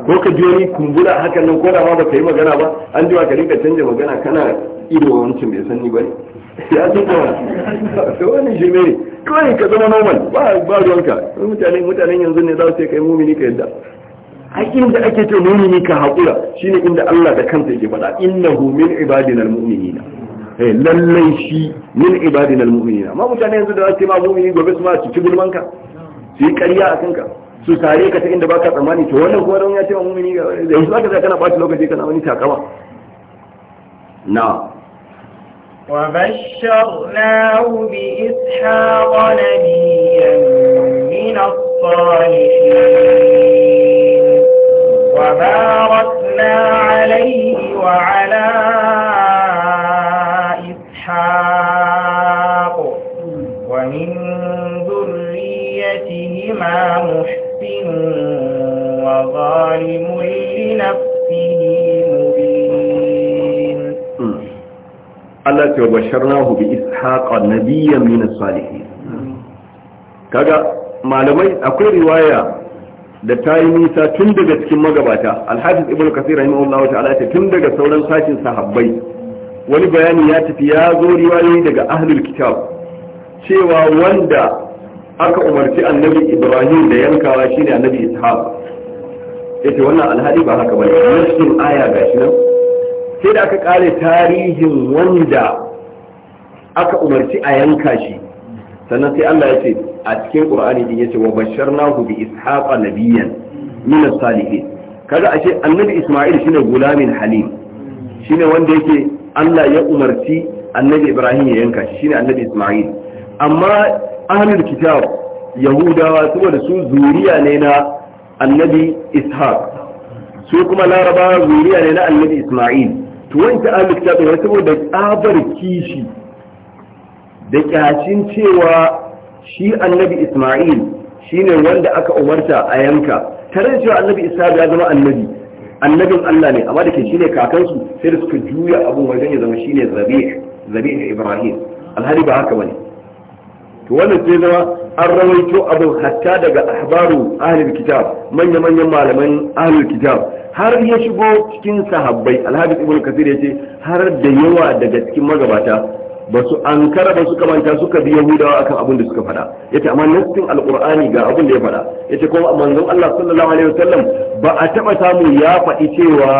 ko ka ji wani kumbura hakan nan ko da ma baka yi magana ba an ji ka rinka canja magana kana ido wancin bai san ni ne ya san ba to wani shirme ne kawai ka zama normal ba ba ruwanka mutane mutanen yanzu ne za su ce kai mumini ka yadda ai inda ake ce mumini ka haƙura shine inda Allah da kansa yake faɗa innahu min ibadina almu'minina Eh, lallai shi min ibadina almu'minina ma mutane yanzu da za su ma mu'mini gobe su ma su ci gulman ka su yi ƙarya a ka su tare ka ta inda baka tsammani to wannan kuma don ya ce ma mu'mini da yanzu zaka ga kana bashi lokaci kana wani takawa na وبشرناه بإسحاق نبيا من الصالحين وباركنا عليه وعلى فيهما محسن وظالم لنفسه مبين Allah ta بإسحاق نبيا من الصالحين min as-salihin kaga malamai akwai riwaya da ta yi nisa tun daga cikin magabata alhafiz ibnu kasir rahimahullah ta'ala ta tun daga sauran sashin sahabbai wani bayani ya tafi ya zo riwayoyi daga ahlul kitab cewa wanda aka umarci annabi ibrahim da yankawa shine annabi ishaq yace wannan alhali ba haka bane nassin aya gashi nan sai da aka kare tarihin wanda aka umarci a yanka shi sannan sai Allah ya ce a cikin Qur'ani din ce, wa nahu bi ishaqa nabiyyan min as-salihin kaga ashe annabi Isma'il shine gulamin halim shine wanda yake Allah ya umarci annabi Ibrahim ya yanka shi shine annabi Isma'il amma ahlul kitab yahudawa saboda su zuriya ne na annabi ishaq su kuma larabawa zuriya ne na annabi isma'il to wanda ahlul kitab ne saboda tsabar kishi da kyashin cewa shi annabi isma'il shine wanda aka umarta a yanka tare da cewa annabi ishaq ya zama annabi annabin Allah ne amma da ke shine kakansu sai da suka juya abun wajen ya zama shine zabi zabi ibrahim alhali ba haka bane to wannan sai zama an rawaito abin hatta daga ahbaru ahlul kitab manya manyan malaman ahlul kitab har ya shigo cikin sahabbai alhabis ibnu ya yace har da yawa daga cikin magabata ba su ankara ba suka manta suka bi yahudawa akan abin da suka faɗa yace amma nassin alqur'ani ga abin da ya faɗa yace kuma manzon Allah sallallahu alaihi wasallam ba a taba samu ya faɗi cewa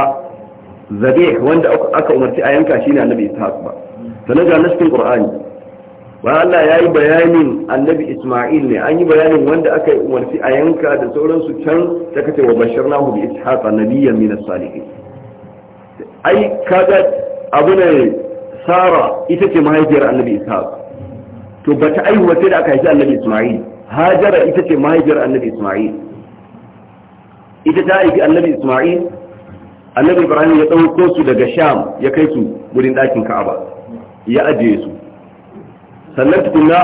zabih wanda aka umarci a yanka shine annabi ishaq ba sanan ga nassin qur'ani ba Allah ya yi bayanin annabi Ismail ne an yi bayanin wanda aka yi umarci a yanka da sauransu can ta kace wa bashar nahu bi ishaqa nabiyyan min as-salihin ai kaga abu ne Sara ita ce mahaifiyar annabi Ishaq to bata aihu sai da aka haifi annabi Ismail Hajara ita ce mahaifiyar annabi Ismail ita ta haifi annabi Ismail annabi Ibrahim ya dauko su daga Sham ya kai su wurin ɗakin Ka'aba ya ajiye su sannan tukuna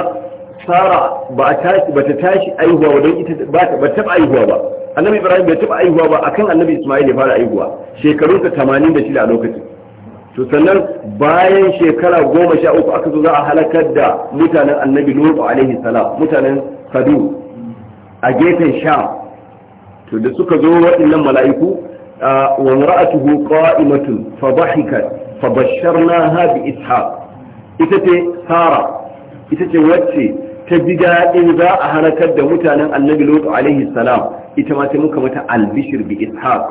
sara ba a tashi ba ta tashi aihuwa ba don ita ba ta taba aihuwa ba annabi ibrahim bai taba aihuwa ba akan annabi isma'il ya fara aihuwa shekarunsa 86 a lokacin to sannan bayan shekara goma sha uku aka zo za a halakar da mutanen annabi lutu alaihi salam mutanen sadu a gefen sham to da suka zo waɗannan mala'iku wa ra'atuhu qa'imatun fa dhahikat fa basharnaha bi ishaq ita ce sara ita ce wacce ta bi daɗin za a halakar da mutanen annabi lutu alaihi salam ita ma muka mata albishir bi ishaq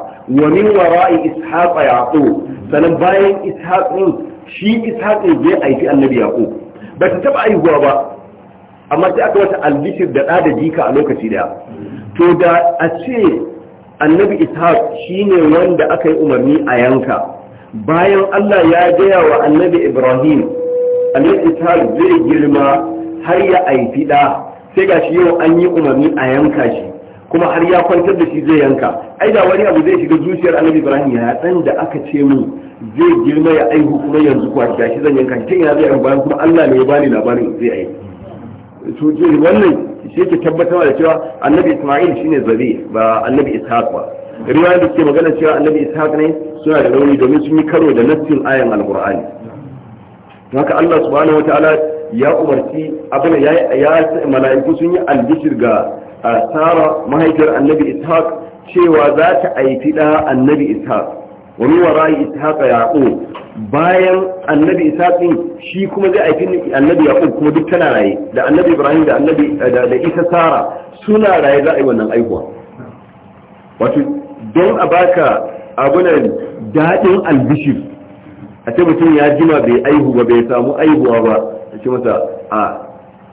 wa min wara'i ishaq yaqub sanan bayan ishaq din shi ishaq ne zai aiki annabi yaqub ba ta taba aihuwa ba amma sai aka wata albishir da da jika a lokaci daya to da a ce annabi ishaq shine wanda aka yi umarni a yanka bayan Allah ya gaya wa annabi Ibrahim al'itihar zai girma har ya aifi da sai ga shi yau an yi umarni a yanka shi kuma har ya kwantar da shi zai yanka ai da wani abu zai shiga zuciyar annabi ibrahim ya dan da aka ce mu zai girma ya aihu kuma yanzu kuwa ga shi zan yanka shi ina zai aihu bayan kuma allah ne ya bani labarin zai aihu to wannan shi yake tabbatarwa da cewa annabi isma'il shine zabi ba annabi ishaq ba riwaya da ke magana cewa annabi ishaq ne suna da rauni domin sun yi karo da nassin ayan alqur'ani haka Allah subhanahu wataala ya umarci abin ya ya mala'iku sun yi albishir ga Sara mahaifiyar Annabi Ishaq cewa za ta aiki da Annabi Ishaq wa min wara'i Ishaq Yaqub bayan Annabi Ishaq din shi kuma zai aiki Annabi Yaqub kuma duk tana raye da Annabi Ibrahim da Annabi da Isa Sara suna raye za a yi wannan aikuwa wato don a baka abunan daɗin albishir a ce mutum ya jima bai aihu ba bai samu aihuwa ba a ce mata, a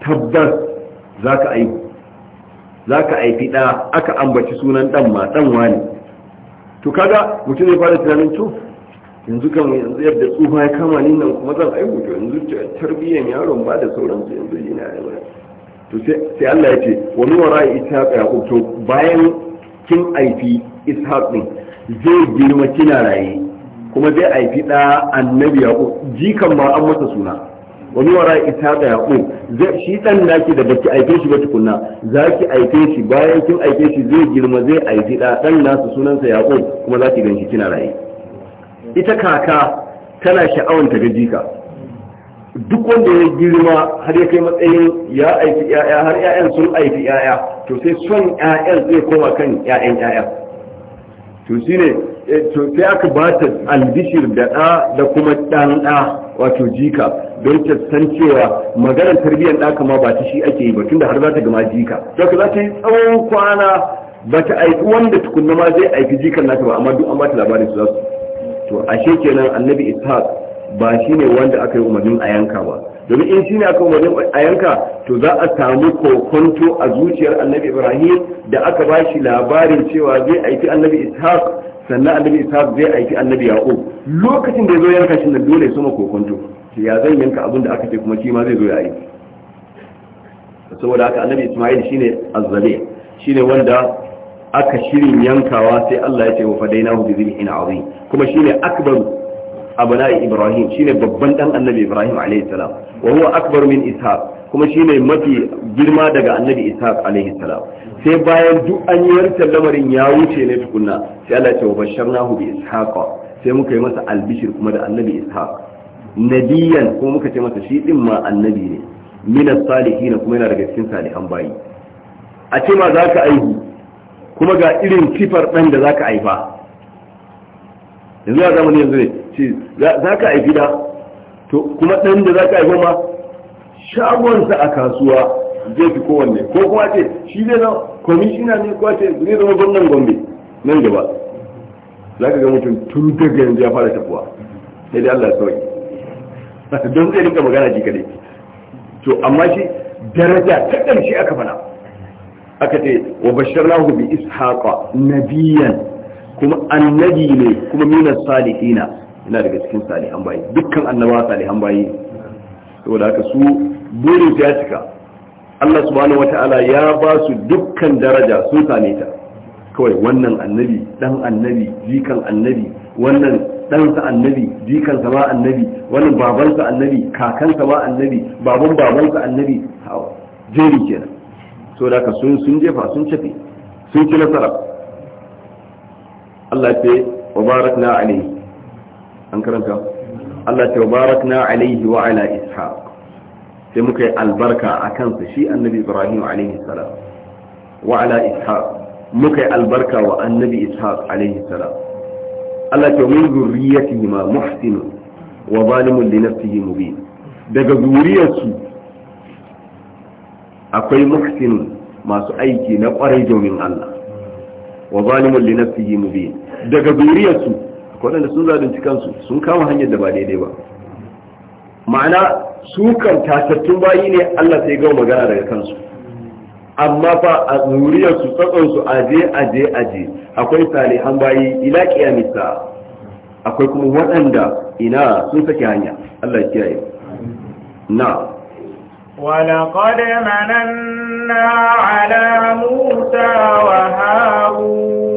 tabbas za ka aihu za ka aifi ɗa aka ambaci sunan ɗan ma ɗan wani to kaga mutum ya fara tunanin to yanzu kan yanzu yadda tsufa ya kama ni nan kuma zan aihu to yanzu tarbiyyar yaron ba da sauransu yanzu yana da to sai Allah ya ce wa min wara'i ishaq yaqub to bayan kin aifi ishaq din zai girma kina raye kuma zai haifi ɗa annabi yaƙo. jikan ma an masa suna wani wara ita ga shi dan naki da baki aike shi ba tukunna zaki aike shi bayan kin aike shi zai girma zai aifi ɗa dan nasu sunansa yaƙo kuma zaki ganshi kina raye ita kaka tana sha'awar ta ga jika duk wanda ya girma har ya kai matsayin ya aiki ya'ya har ya'yan sun aiki ya'ya to sai son ya'yan zai koma kan ya'yan ya'ya to shine Eh, to sai aka ba ta albishir da ɗa da kuma ɗan ɗa wato jika don ta san cewa maganar tarbiyyar ɗa kama ba ta shi ake yi ba tunda har za ta gama jika to ka za ta yi tsawon kwana ba ta aiki wanda tukunna ma zai aiki jikan nata ba amma duk an ba ta labarin su za su to ashe kenan annabi ishaq ba shi ne wanda aka yi umarnin a yanka ba domin in shi ne aka umarnin a yanka to za a samu kokonto a zuciyar annabi ibrahim da aka ba shi labarin cewa zai aiki annabi ishaq sannan annabi isa zai aiki annabi yaqub lokacin da ya zo yanka shi nan dole ya kokonto ya zan yanka abin da aka ce kuma shi ma zai zo ya aiki saboda haka annabi isma'il shine azzale shine wanda aka shirin yankawa sai Allah ya ce wa fadainahu bi dhibhin azim kuma shine akbaru abana ibrahim shine babban dan annabi ibrahim alayhi salam wa huwa akbaru min ishaq kuma shi ne mafi girma daga annabi isa alaihi salam sai bayan duk an yi yartar lamarin ya wuce ne tukunna sai Allah ya ce wa nahu bi ishaqa sai muka yi masa albishir kuma da annabi isa nabiyan kuma muka ce masa shi din ma annabi ne min salihin kuma yana daga cikin salihan bayi a ce ma zaka aihu kuma ga irin sifar dan da zaka aifa yanzu ya zamanin yanzu ne za ka aifi da to kuma ɗan da za ka aifa ma shagonsa a kasuwa zai fi kowanne ko kuma ce shi zai zama kwamishina ne kuma ce zai zama gwamnan gombe nan gaba za ka ga mutum tun daga yanzu ya fara tafiya sai dai Allah sauki don zai rika magana ji kadai to amma shi daraja ta ƙarshe aka fana aka ce wa basharnahu bi ishaqa nabiyan kuma annabi ne kuma minas salihina ina daga cikin salihan bayi dukkan annabawa salihan bayi saboda haka su burin ya cika Allah subhanahu wata'ala ya ba su dukkan daraja sun same ta kawai wannan annabi dan annabi jikan annabi wannan ɗansa annabi jikansa ma annabi wannan babansa annabi kakansa ma annabi baban babansa annabi jeri kenan so da ka sun sun jefa sun cafe sun ci nasara Allah ya ce wa barakna alayhi an karanta Allah ta barakna alaihi wa ala ishaq sai muka yi albarka a kansa shi annabi ibrahim alaihi salam wa ala ishaq muka yi albarka wa annabi ishaq alaihi salam Allah ta min zurriyatihi ma muhsin wa zalimun li nafsihi mubin daga zuriyarsu akwai muhsin masu aiki na kwarai domin Allah wa zalimun li nafsihi mubin daga zuriyarsu waɗanda sun zalunci kansu sun kama hanyar da ba daidai ba ma'ana su kan tasattun bayi ne Allah sai gawo magana daga kansu amma fa a zuriyar su tsatsonsu aje aje aje akwai salihan bayi ila kiyamisa akwai kuma waɗanda ina sun sake hanya Allah ya kiyaye na ولقد مننا على موسى وهارون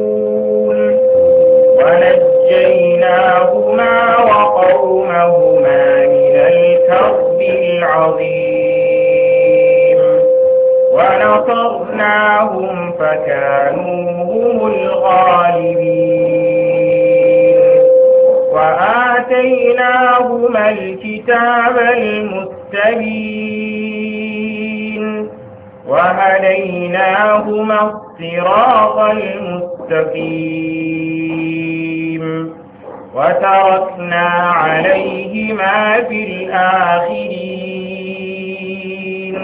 ونجيناهما وقومهما من الكرب العظيم ونصرناهم فكانوا هم الغالبين وآتيناهما الكتاب المستبين وهديناهما الصراط المستقيم بهم وتركنا عليهما في الآخرين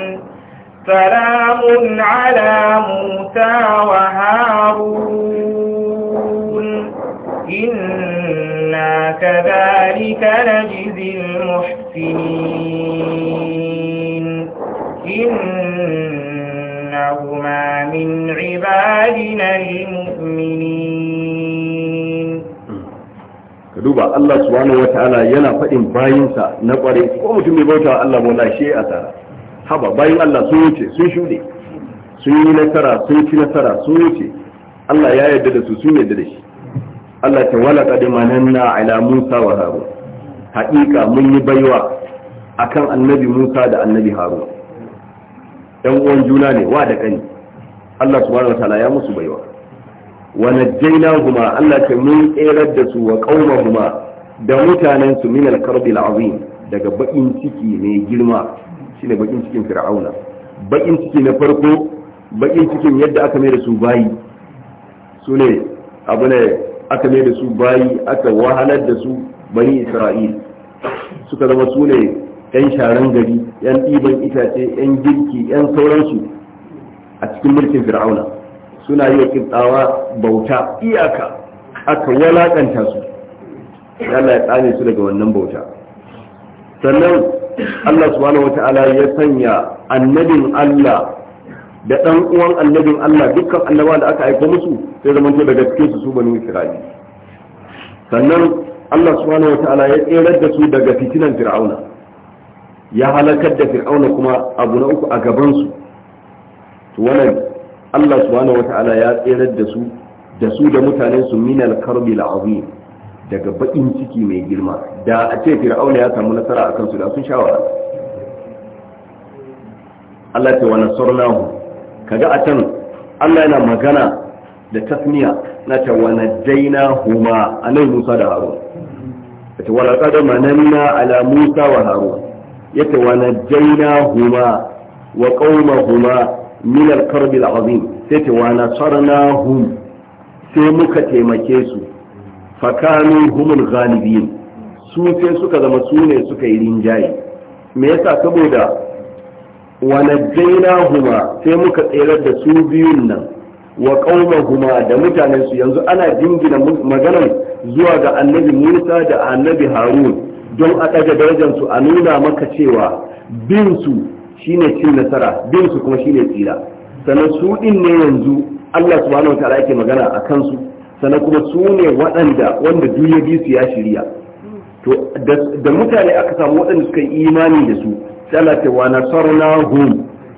سلام على موسى وهارون إنا كذلك نجزي المحسنين إنهما من عبادنا المؤمنين ka duba Allah subhanahu wataala yana faɗin bayinsa na ƙware ko mutum mai bauta wa Allah mola shi a tara haba bayin Allah sun wuce sun shuɗe sun yi nasara sun ci nasara sun wuce Allah ya yarda da su sun yarda da shi Allah ta wala qad mananna ala Musa wa Harun haƙiƙa mun yi baiwa akan annabi Musa da annabi Harun ɗan uwan juna ne wa da ƙani Allah subhanahu wataala ya musu baiwa wa huma, Allah ta mun tserar da su wa huma da mutanen su min al-karbi azim daga bakin ciki mai girma shine bakin cikin fir'auna bakin ciki na farko bakin cikin yadda aka mai da su bayi su ne abu ne aka mai da su bayi aka wahalar da su bani isra'il suka zama su ne yan sharan gari yan ɗiban itace yan girki yan sauransu a cikin mulkin fir'auna suna yi wa kibtawa bauta iyaka aka walakanta su Allah ya tsane su daga wannan bauta sannan Allah subhanahu ya sanya annabin Allah da ɗan uwan annabin Allah dukkan annaba da aka aiko musu sai zama to daga cikin su su banu sannan Allah subhanahu ya tsere da su daga fitinan Fir'auna ya halakar da Fir'auna kuma abu na uku a gabansu. su wannan Allah subhanahu wata'ala ya tserar da su da su da mutanen su minal karbi azim daga bakin ciki mai girma da a ce fir'auna ya samu nasara a kansu da sun sha wa Allah ce wa nasarnahu kaga a can Allah yana magana da tasmiya na ta wa a nan Musa da Haru. Harun ta wa laqad mananna ala Musa wa Harun yata wa nadainahuma wa qaumahuma min al karbi al-azim sai ce wa hum, sai muka taimake su fa fakanu humul ghalibin su sai suka zama sune suka yi rinjaye me yasa saboda wa huma sai muka tsere da su biyun nan wa huma da mutanen su yanzu ana dingina maganar zuwa ga annabi Musa da annabi Harun don a daga darajar su a nuna maka cewa bin su shine cin nasara bin su kuma shine tsira sannan su din ne yanzu Allah subhanahu wataala yake magana a kansu sannan kuma su ne waɗanda wanda duniya ya su ya shirya to da mutane aka samu waɗanda suka yi imani da su sai Allah ta wa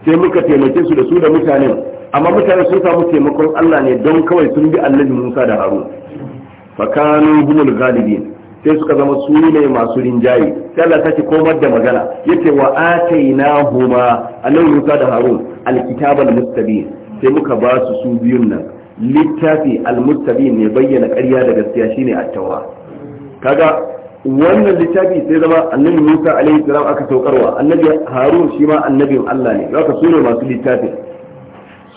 sai muka taimake su da su da mutane amma mutane sun samu taimakon Allah ne don kawai sun bi annabi Musa da Harun fakanu humul ghalibin sai suka zama su ne masu rinjaye sai Allah ce komar da magana yace wa atainahuma annabi Musa da Harun alkitab almustabin sai muka ba su su biyun nan littafi almustabin ne bayyana ƙarya da gaskiya shine attawa. kaga wannan littafi sai zama annabi Musa alaihi salam aka saukarwa annabi Harun shi ma annabin Allah ne zaka su ne masu littafi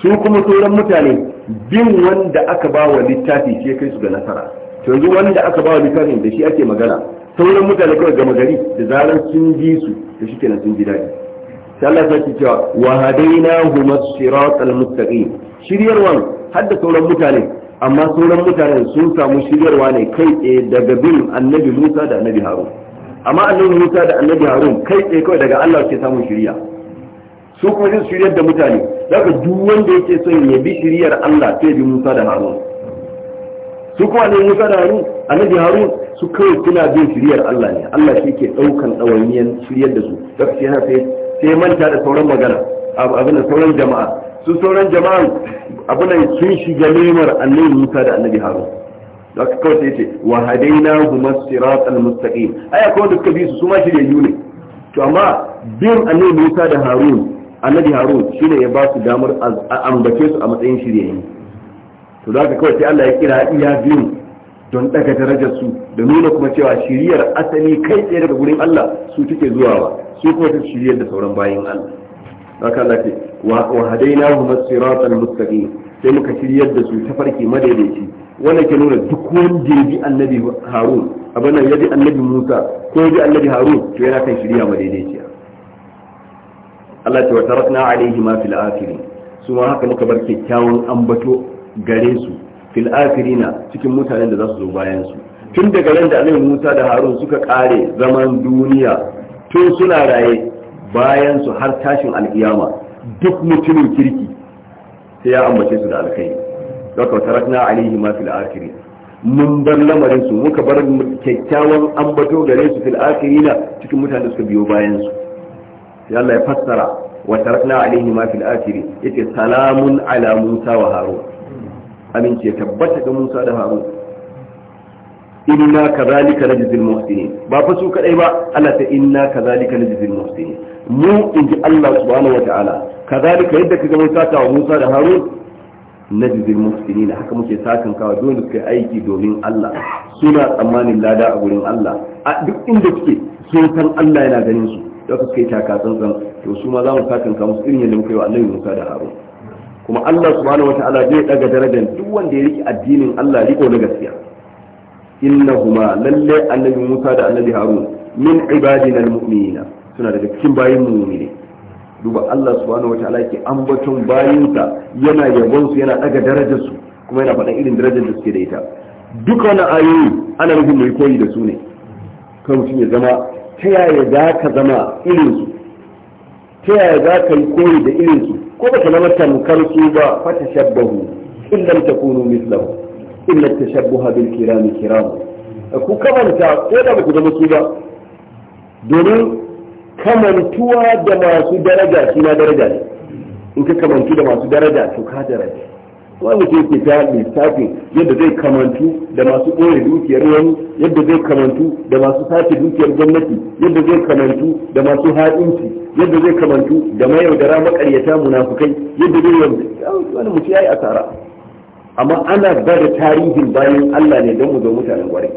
su kuma sauran mutane bin wanda aka ba wa littafi shi kai su ga nasara to yanzu wanda aka ba wa littafin da shi ake magana sauran mutane kawai gama gari da zarar sun ji su da shi kenan sun ji daɗi sai Allah sai cewa wa hadainahu masiratal mustaqim shiryarwan har da sauran mutane amma sauran mutane sun samu shiryarwa ne kai tsaye daga bin annabi Musa da annabi Harun amma annabi Musa da annabi Harun kai tsaye kawai daga Allah ke samun shiriya su kuma zai shiryar da mutane daga duk wanda yake son ya bi shiryar Allah sai bi Musa da Harun su kuma ne musa da a annabi harun su kawai suna bin shiriyar allah ne allah shi ke ɗaukan ɗawainiyan shiryar da su da su yana sai sai manta da sauran magana abin da sauran jama'a su sauran jama'a abin da sun shiga lemar annabi musa da annabi harun da aka kawai ce wa hadaina huma sirat al-mustaqim aya kawai da suka bi su su ma shiryayyu ne to amma bin annabi musa da harun annabi harun shine ya ba su damar ambace su a matsayin shiryayyu to da ka kawai sai Allah ya kira iya biyu don daga darajar su da nuna kuma cewa shiriyar asali kai tsaye daga gurin Allah su take zuwa ba su kuma ta shiriyar da sauran bayin Allah haka Allah ce wa hadainahu as-siratal mustaqim sai muka shiryar da su ta farki madaidaici wannan ke nuna duk wanda ya bi annabi Harun abin ya bi annabi Musa ko ya bi annabi Harun to yana kan shirya madaidaiciya Allah ce wa tarakna alaihi ma fil akhirin su ma haka muka bar kyakkyawan ambato gare su fil akhirina cikin mutanen da za su zo bayan su tun daga ran da Annabi Musa da Harun suka kare zaman duniya tun suna raye bayan su har tashin alkiyama duk mutumin kirki sai ya ambace su da alkai daga tarakna alaihi ma fil akhirin mun bar lamarin su muka bar kyakkyawan ambato gare su fil akhirina cikin mutanen da suka biyo bayan su sai Allah ya fassara wa tarakna alaihi ma fil akhirin yace salamun ala Musa wa Harun amince tabbata ga Musa da Harun inna kadhalika najzil muhsinin ba fa su kadai ba Allah ta inna kadhalika najzil muhsinin mu inji Allah subhanahu wataala kadhalika yadda kaga mun saka Musa da Harun najzil muhsinin haka muke sakan kawa dole da kai aiki domin Allah suna tsammanin lada a gurin Allah a duk inda suke sun san Allah yana ganin su da suka yi taka tsantsan to su ma za mu sakan kawo musu irin yadda muka yi wa Annabi Musa da Harun kuma Allah subhanahu wataala zai daga darajar duk wanda ya rike addinin Allah riko na gaskiya huma lalle annabi Musa da annabi Harun min ibadina almu'minina suna daga cikin bayin mu'mini duba Allah subhanahu wataala yake ambaton bayinsa yana yabon su yana daga darajar su kuma yana faɗan irin darajar da suke da ita duka wani ayoyi ana nufin mai koyi da su ne kan mutum ya zama ta yaya za ka zama irinsu ta yaya za ka yi koyi da irinsu ko ba ki zama tamkar ba fata shabbahu in lam takunu mislahu illa tashabbuha bil kirami kiram ku kamanta ko da ba ku zama ki ba domin kamantuwa da masu daraja shi na daraja ne in ka kamantu da masu daraja to ka daraja wani mutum ke ta lissafin yadda zai kamantu da masu ɓoye dukiyar wani yadda zai kamantu da masu sace dukiyar gwamnati yadda zai kamantu da masu haɗinci yadda zai kamantu da mayaudara maƙaryata munafukai yadda zai yanzu wani mutum ya yi asara amma ana ba da tarihin bayan allah ne don mu zo mutanen gwarai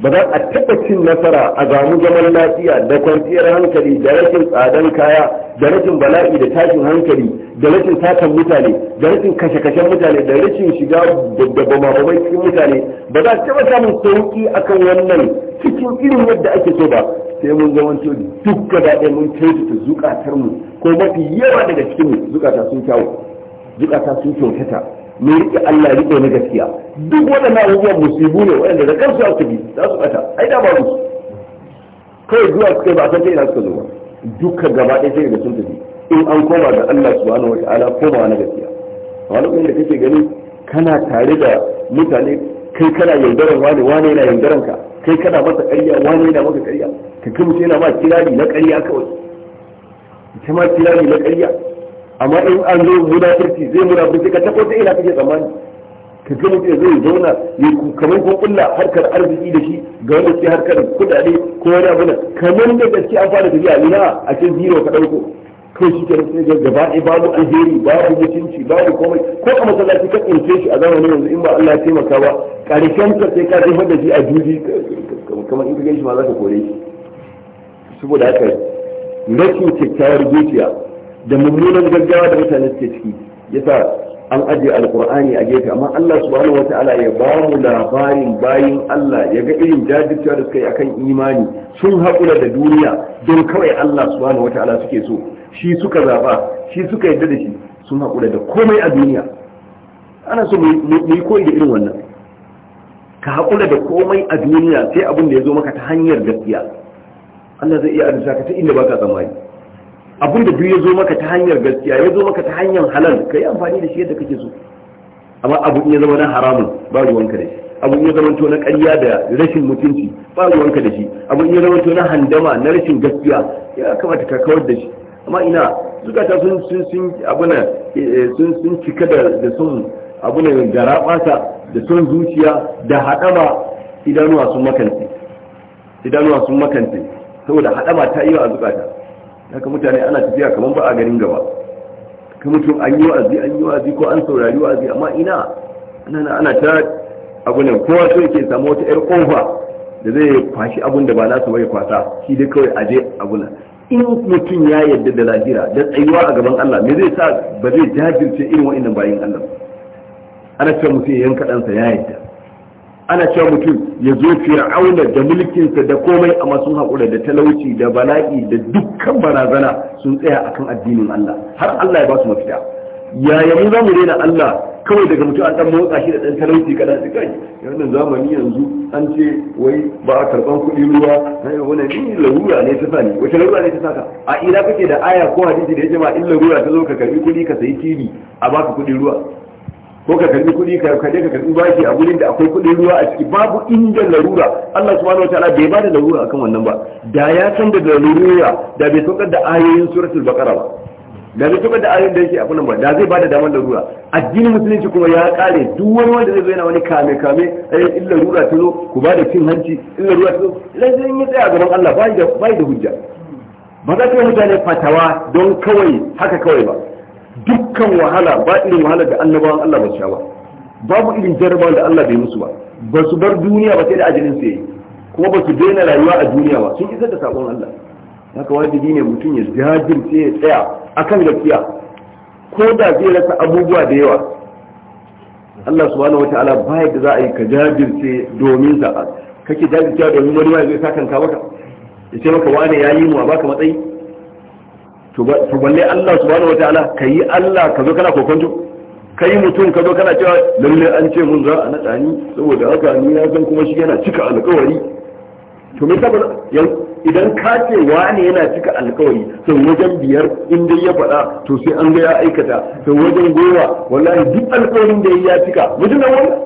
ba za a taɓa cin nasara a gamu zaman lafiya da kwanciyar hankali da rashin tsadan kaya da rashin bala'i da tashin hankali da rashin satan mutane da rashin kashe-kashen mutane da rashin shiga da bamabamai cikin mutane ba za a taɓa samun sauƙi a kan wannan cikin irin yadda ake so ba sai mun zamanto duk gaba ɗaya mun ta zukatarmu ko mafi yawa daga cikinmu zukata sun kyawu zukata sun kyautata mai yake Allah rike na gaskiya duk waɗannan abubuwan musibu ne waɗanda da kansu za su za su ɓata ai da ba su kai zuwa kai ba a san ina suka zo ba dukkan gaba ɗaya sai da sun tafi in an koma ga Allah subhanahu wataala koma na gaskiya wani kuma da kake gani kana tare da mutane kai kana yaudaran wani wani yana yaudaran ka kai kana masa ƙarya wani yana masa ƙarya ka kai mutum yana ma kirari na ƙarya kawai ita ma kirari na ƙarya amma in an zo munafurci zai munafurci ka tabbata ina kake tsammani ka ga mutum zai zauna ya kamar ko kulla harkar arziki da shi ga wanda ke harkar kudade ko wani abu kamar da gaske an fara tafiya ina a cikin zero ka dauko kai shi kenan sai ga gaba ɗaya babu alheri babu mutunci babu komai ko a masallaci ka tsince shi a zamanin yanzu in ba Allah ya taimaka ba karshen ka sai ka jefa da shi a juji kamar in ka gan shi ma za ka kore shi saboda haka rashin kyakkyawar zuciya da mummunan gaggawa da mutane suke ciki yasa an ajiye alkur'ani a gefe amma Allah subhanahu wataala ya ba mu labarin bayin Allah ya ga irin jajircewa da suka yi akan imani sun haƙura da duniya don kawai Allah subhanahu wataala suke so shi suka zaba shi suka yarda da shi sun haƙura da komai a duniya ana so mu yi koyi da irin wannan ka haƙura da komai a duniya sai abin da ya zo maka ta hanyar gaskiya Allah zai iya arzika ka ta inda baka tsammani abin da duk ya zo maka ta hanyar gaskiya ya zo maka ta hanyar halal ka yi amfani da shi yadda kake so amma abu ya zama na haramun ba ruwanka da shi abu ya zama to na ƙarya da rashin mutunci ba ruwanka da shi abu ya zama to na handama na rashin gaskiya ya kamata ka kawar da shi amma ina zukata sun sun sun abuna eh, eh, sun sun cika da da sun abuna gara bata da son zuciya da hadama idanuwa sun makance idanuwa sun makance saboda hadama ta yi wa zukata haka mutane ana tafiya kamar ba a ganin gaba ka mutum an yi wa'azi an yi wa'azi ko an saurari wa'azi amma ina ana ana ta abu nan kowa so yake samu wata yar kofa da zai kwashi abun da ba su bai kwasa shi dai kawai aje abu nan in mutum ya yarda da lahira da tsayuwa a gaban Allah me zai sa ba zai jajirce irin wa'annan bayin Allah ana cewa mutum yanka kadansa ya yarda ana cewa mutum ya zo fir'auna da mulkinsa da komai a masu haƙura da talauci da bala'i da dukkan barazana sun tsaya akan addinin Allah har Allah ya ba su mafita yaya mu za mu daina Allah kawai daga mutum an dan motsa shi da dan talauci kada su kai wannan zamani yanzu an ce wai ba a karban kuɗi ruwa sai wani ni larura ne ta sani wace larura ne ta saka a ina kake da aya ko hadisi da ya jama'a in larura ta zo ka karbi kuɗi ka sayi TV a baka kuɗin ruwa ko ka karbi kuɗi ka je ka karbi bashi a gurin da akwai kuɗin ruwa a ciki babu inda larura Allah subhanahu wataala bai ba da larura akan wannan ba da ya san da larura da bai saukar da ayoyin suratul baqara ba da bai saukar da ayoyin da yake akwai ba da zai ba da damar larura addinin musulunci kuma ya kare duk wani wanda zai zo yana wani kame kame ai in larura ta zo ku ba cin hanci in larura ta zo lalle in ya tsaya gaban Allah bai da bai da hujja ba za ka yi mutane fatawa don kawai haka kawai ba dukkan wahala ba irin wahala da annabawan Allah ba sha ba babu irin jarabawa da Allah bai musu ba ba su bar duniya ba sai da ajalin su yi kuma ba su daina rayuwa a duniya ba sun isar da sakon Allah haka wajibi ne mutum ya jajirce ya tsaya akan gaskiya ko da zai rasa abubuwa da yawa Allah subhanahu wataala ba da za a yi ka jajirce domin sa kake jajircewa domin wani ma zai sa kanka maka ya ce maka wane yayi mu a baka matsayi to balle Allah subhanahu wataala kayi Allah ka zo kana kokonto kai mutum ka zo kana cewa lalle an ce mun za a naɗa ni saboda haka ni na san kuma shi yana cika alƙawari. to me saboda idan ka ce wani yana cika alƙawari, to wajen biyar in dai ya faɗa to sai an ga ya aikata to wajen goma wallahi duk alƙawarin da ya cika mutum na wannan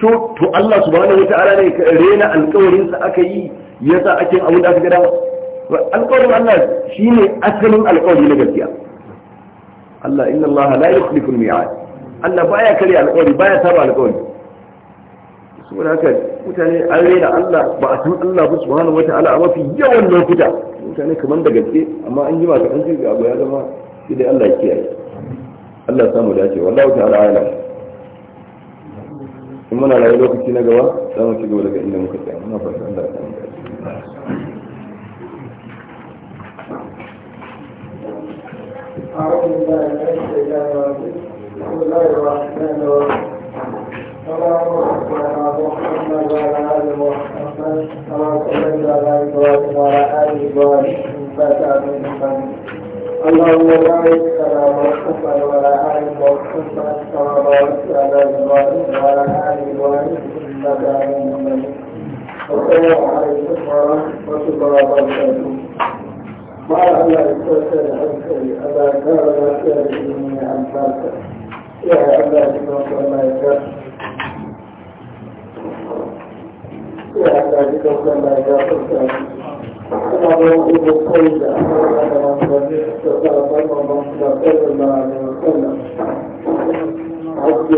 to to Allah subhanahu wataala ne rena alkawarin sa aka yi yasa ake abin da aka ga dama alƙawarin Allah shi ne asalin alƙawari na gaskiya Allah inna Allah la yukhlifu al-mi'ad Allah baya kare alƙawari baya saba alƙawari saboda haka mutane an raina Allah ba a san Allah ba subhanahu wata'ala a mafi yawan lokuta mutane kamar da gaske amma an yi masu kanci ga abu ya zama shi dai Allah ya kiyaye Allah samu dace wallahi ta'ala ala in muna rayu lokaci na gaba za mu ci gaba daga inda muka tsaya muna fata Allah أعوذ بالله من الشيطان الرجيم بسم الله الرحمن الرحيم اللهم صل على محمد وعلى آل محمد كما صليت على إبراهيم وعلى آل إبراهيم إنك حميد مجيد اللهم بارك على محمد وعلى آل محمد كما باركت على إبراهيم وعلى آل إبراهيم إنك حميد مجيد السلام عليكم ورحمة الله وبركاته قال لا تسأل عنك أبا كان لا تسألني عن فاتح يا أبا تنصر ما يكفر يا أبا تنصر ما يكفر أنا موجود القيد أحمد أنا من رجعت فأطلب من صلى الله عليه وسلم عبد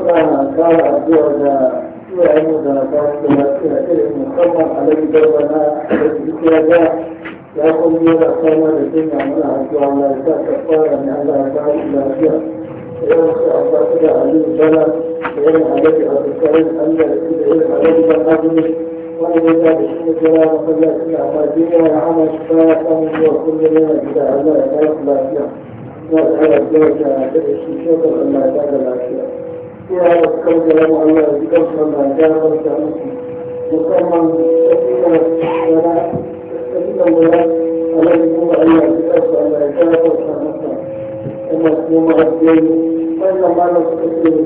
الله كان عبد الله ويعود درجات العلم المصور الذي دورنا بالكتابة يقول لي الأقامة التي نعملها إن شاء الله إذا كفار أن الله تعالى إلى فيها ويوم سأعطاك إلى علي البلد ويوم عبد أتذكرين أن العلم الذي بالقدم وإن ذا بشكل كلام فلا تنعمدين وعمل شفاء وكل لنا إلى الله تعالى إلى فيها وأسأل الله تعالى إلى الشيخ الله تعالى إلى فيها فيها والسلام على الله بكم من جاء وسلم وكم سبيل الله الذي هو الله بكم من جاء وسلم أما اسمه الدين فإن ما نستطيع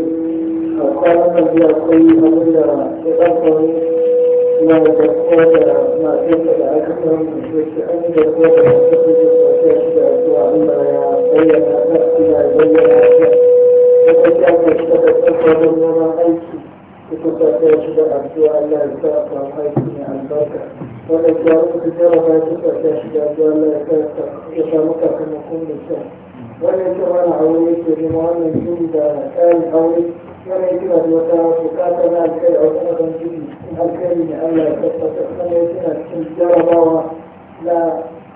قال النبي القيم أولا بأفضل ما يتقوى ما تنفع أكثر من شيء أن يتقوى وتخرج وتشهد أسواء ما يبين نفسنا يبين نفسنا وتجعلنا اشتبت أكبر من حيثي وتتفاجد أرجو أن لا يتأخر حيثي عن بركة ونجعلك تجربة تتفاجد أرجو أن لا يتأخر إقامك كما كنت ونجعل عويت بمعنى جلد آل عويت ونجعل وتعافكاتنا الكي أصابا جديد الكريم أن لا تتفاجد أرجو أن لا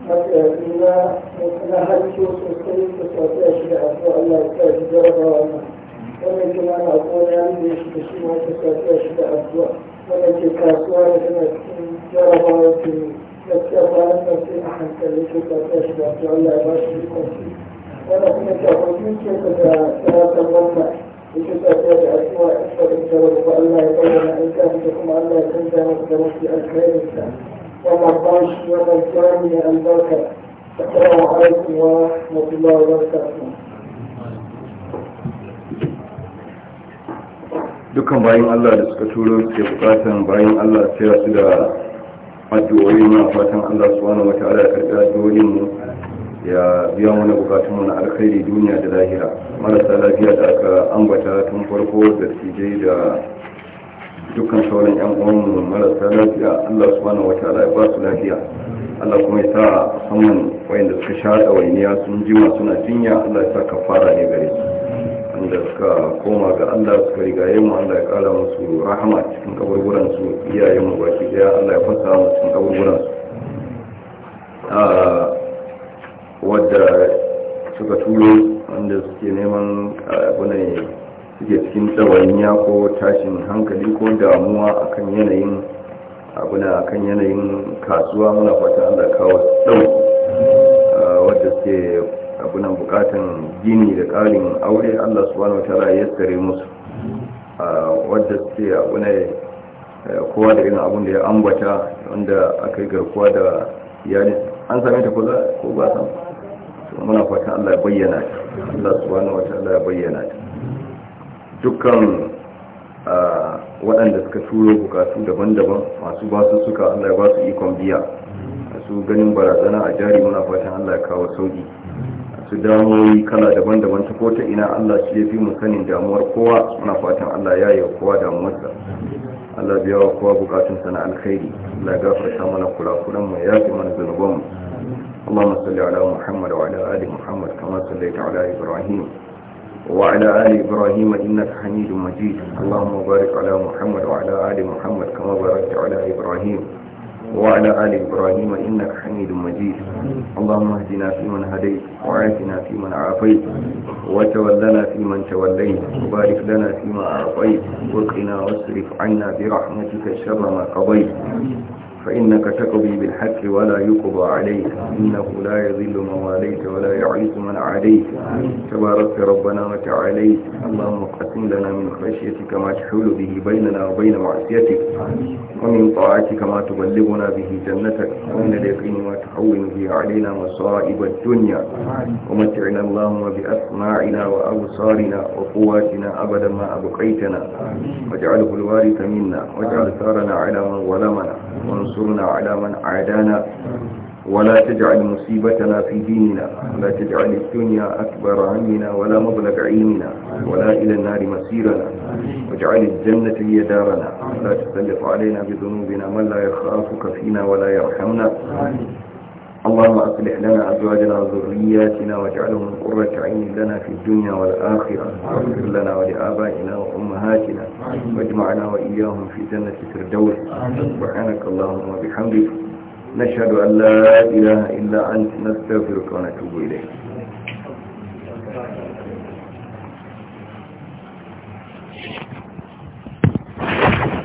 na hanci sosai da sauƙi shi da abu Allah ya sa shi jarabawa nan wannan kuma na gona ya nuna shi da shi ma ta sauƙi shi da abu wannan ke kasuwa da tana cikin jarabawa ke gaskiya bayan nan sai a hankali ke sauƙi shi da abu Allah ya ba shi ikon shi wannan kuma ta hukun ce ka da sarautar wannan da ke sauƙi da abu a isa da jarabawa Allah ya bayyana in ka kuma Allah ya canza masa da mafi alkhairinsa ومرضاش ومرضاني البركة السلام عليكم ورحمة الله وبركاته dukkan bayan Allah da suka turo ke bukatan bayan Allah sai su da addu'o'i na fatan Allah subhanahu wataala ya karɓi addu'o'in mu ya biya mana bukatun mu na alkhairi duniya da lahira marasa lafiya da aka ambata tun farko da tijai da dukkan sauran yan mu marasa lafiya Allah subhanahu ta'ala ya ba su lafiya Allah kuma ya sa musamman wayanda suka sha dawainiya sun jima suna jinya Allah ya sa kafara ne gare su wanda suka koma ga Allah suka rigaye mu Allah ya kara musu rahama cikin kaburburan su iyayen mu baki daya Allah ya fasa mu cikin kaburburan su wadda suka tulo wanda suke neman abu ne suke cikin tsawaniya ko tashin hankali ko damuwa akan yanayin abuna akan yanayin kasuwa muna fata allah kawo tsau wadda suke abunan bukatan gini da ƙarin aure allah subhanahu ta'ala ya tsare musu wadda suke abuna kowa da irin abun da ya ambata wanda aka yi garkuwa da iyali an same ta ko ba san muna fata allah ya bayyana ta allah subhanahu ta'ala ya bayyana ta dukkan waɗanda suka turo bukatu daban-daban masu basu suka allah ya ba su ikon biya su ganin barazana a jari muna fatan allah ya kawo sauki su damuwoyi kala daban-daban ta kota ina allah shi ya fi mu sanin damuwar kowa muna fatan allah ya yi kowa damuwarsa allah biya wa kowa bukatun sana alkhairi allah ya gafarta mana kurakuran mu ya fi mana zunubanmu اللهم صل على محمد وعلى muhammad محمد كما صليت على ibrahim. وعلى آل إبراهيم إنك حميد مجيد اللهم بارك على محمد وعلى آل محمد كما باركت على إبراهيم وعلى آل إبراهيم إنك حميد مجيد اللهم اهدنا فيمن هديت وعافنا فيمن عافيت وتولنا فيمن توليت وبارك لنا فيما أعطيت وقنا واصرف عنا برحمتك شر ما قضيت فإنك تقضي بالحق ولا يقضى عليك إنه لا يذل من واليت ولا يعز من عليك تبارك ربنا وتعاليت اللهم اقسم لنا من خشيتك ما تحول به بيننا وبين معصيتك ومن طاعتك ما تبلغنا به جنتك ومن اليقين ما تحول به علينا مصائب الدنيا ومتعنا اللهم بأسماعنا وأبصارنا وقواتنا أبدا ما أبقيتنا واجعله الوارث منا واجعل ثارنا على من ظلمنا تنصرنا على من عادانا ولا تجعل مصيبتنا في ديننا ولا تجعل الدنيا أكبر عننا ولا مبلغ علمنا ولا إلى النار مسيرنا واجعل الجنة هي دارنا ولا تسلط علينا بذنوبنا من لا يخافك فينا ولا يرحمنا اللهم أصلح لنا أزواجنا وذرياتنا واجعلهم من قرة عين لنا في الدنيا والآخرة واغفر لنا ولآبائنا وأمهاتنا واجمعنا وإياهم في جنة الفردوس سبحانك اللهم وبحمدك نشهد أن لا إله إلا أنت نستغفرك ونتوب إليك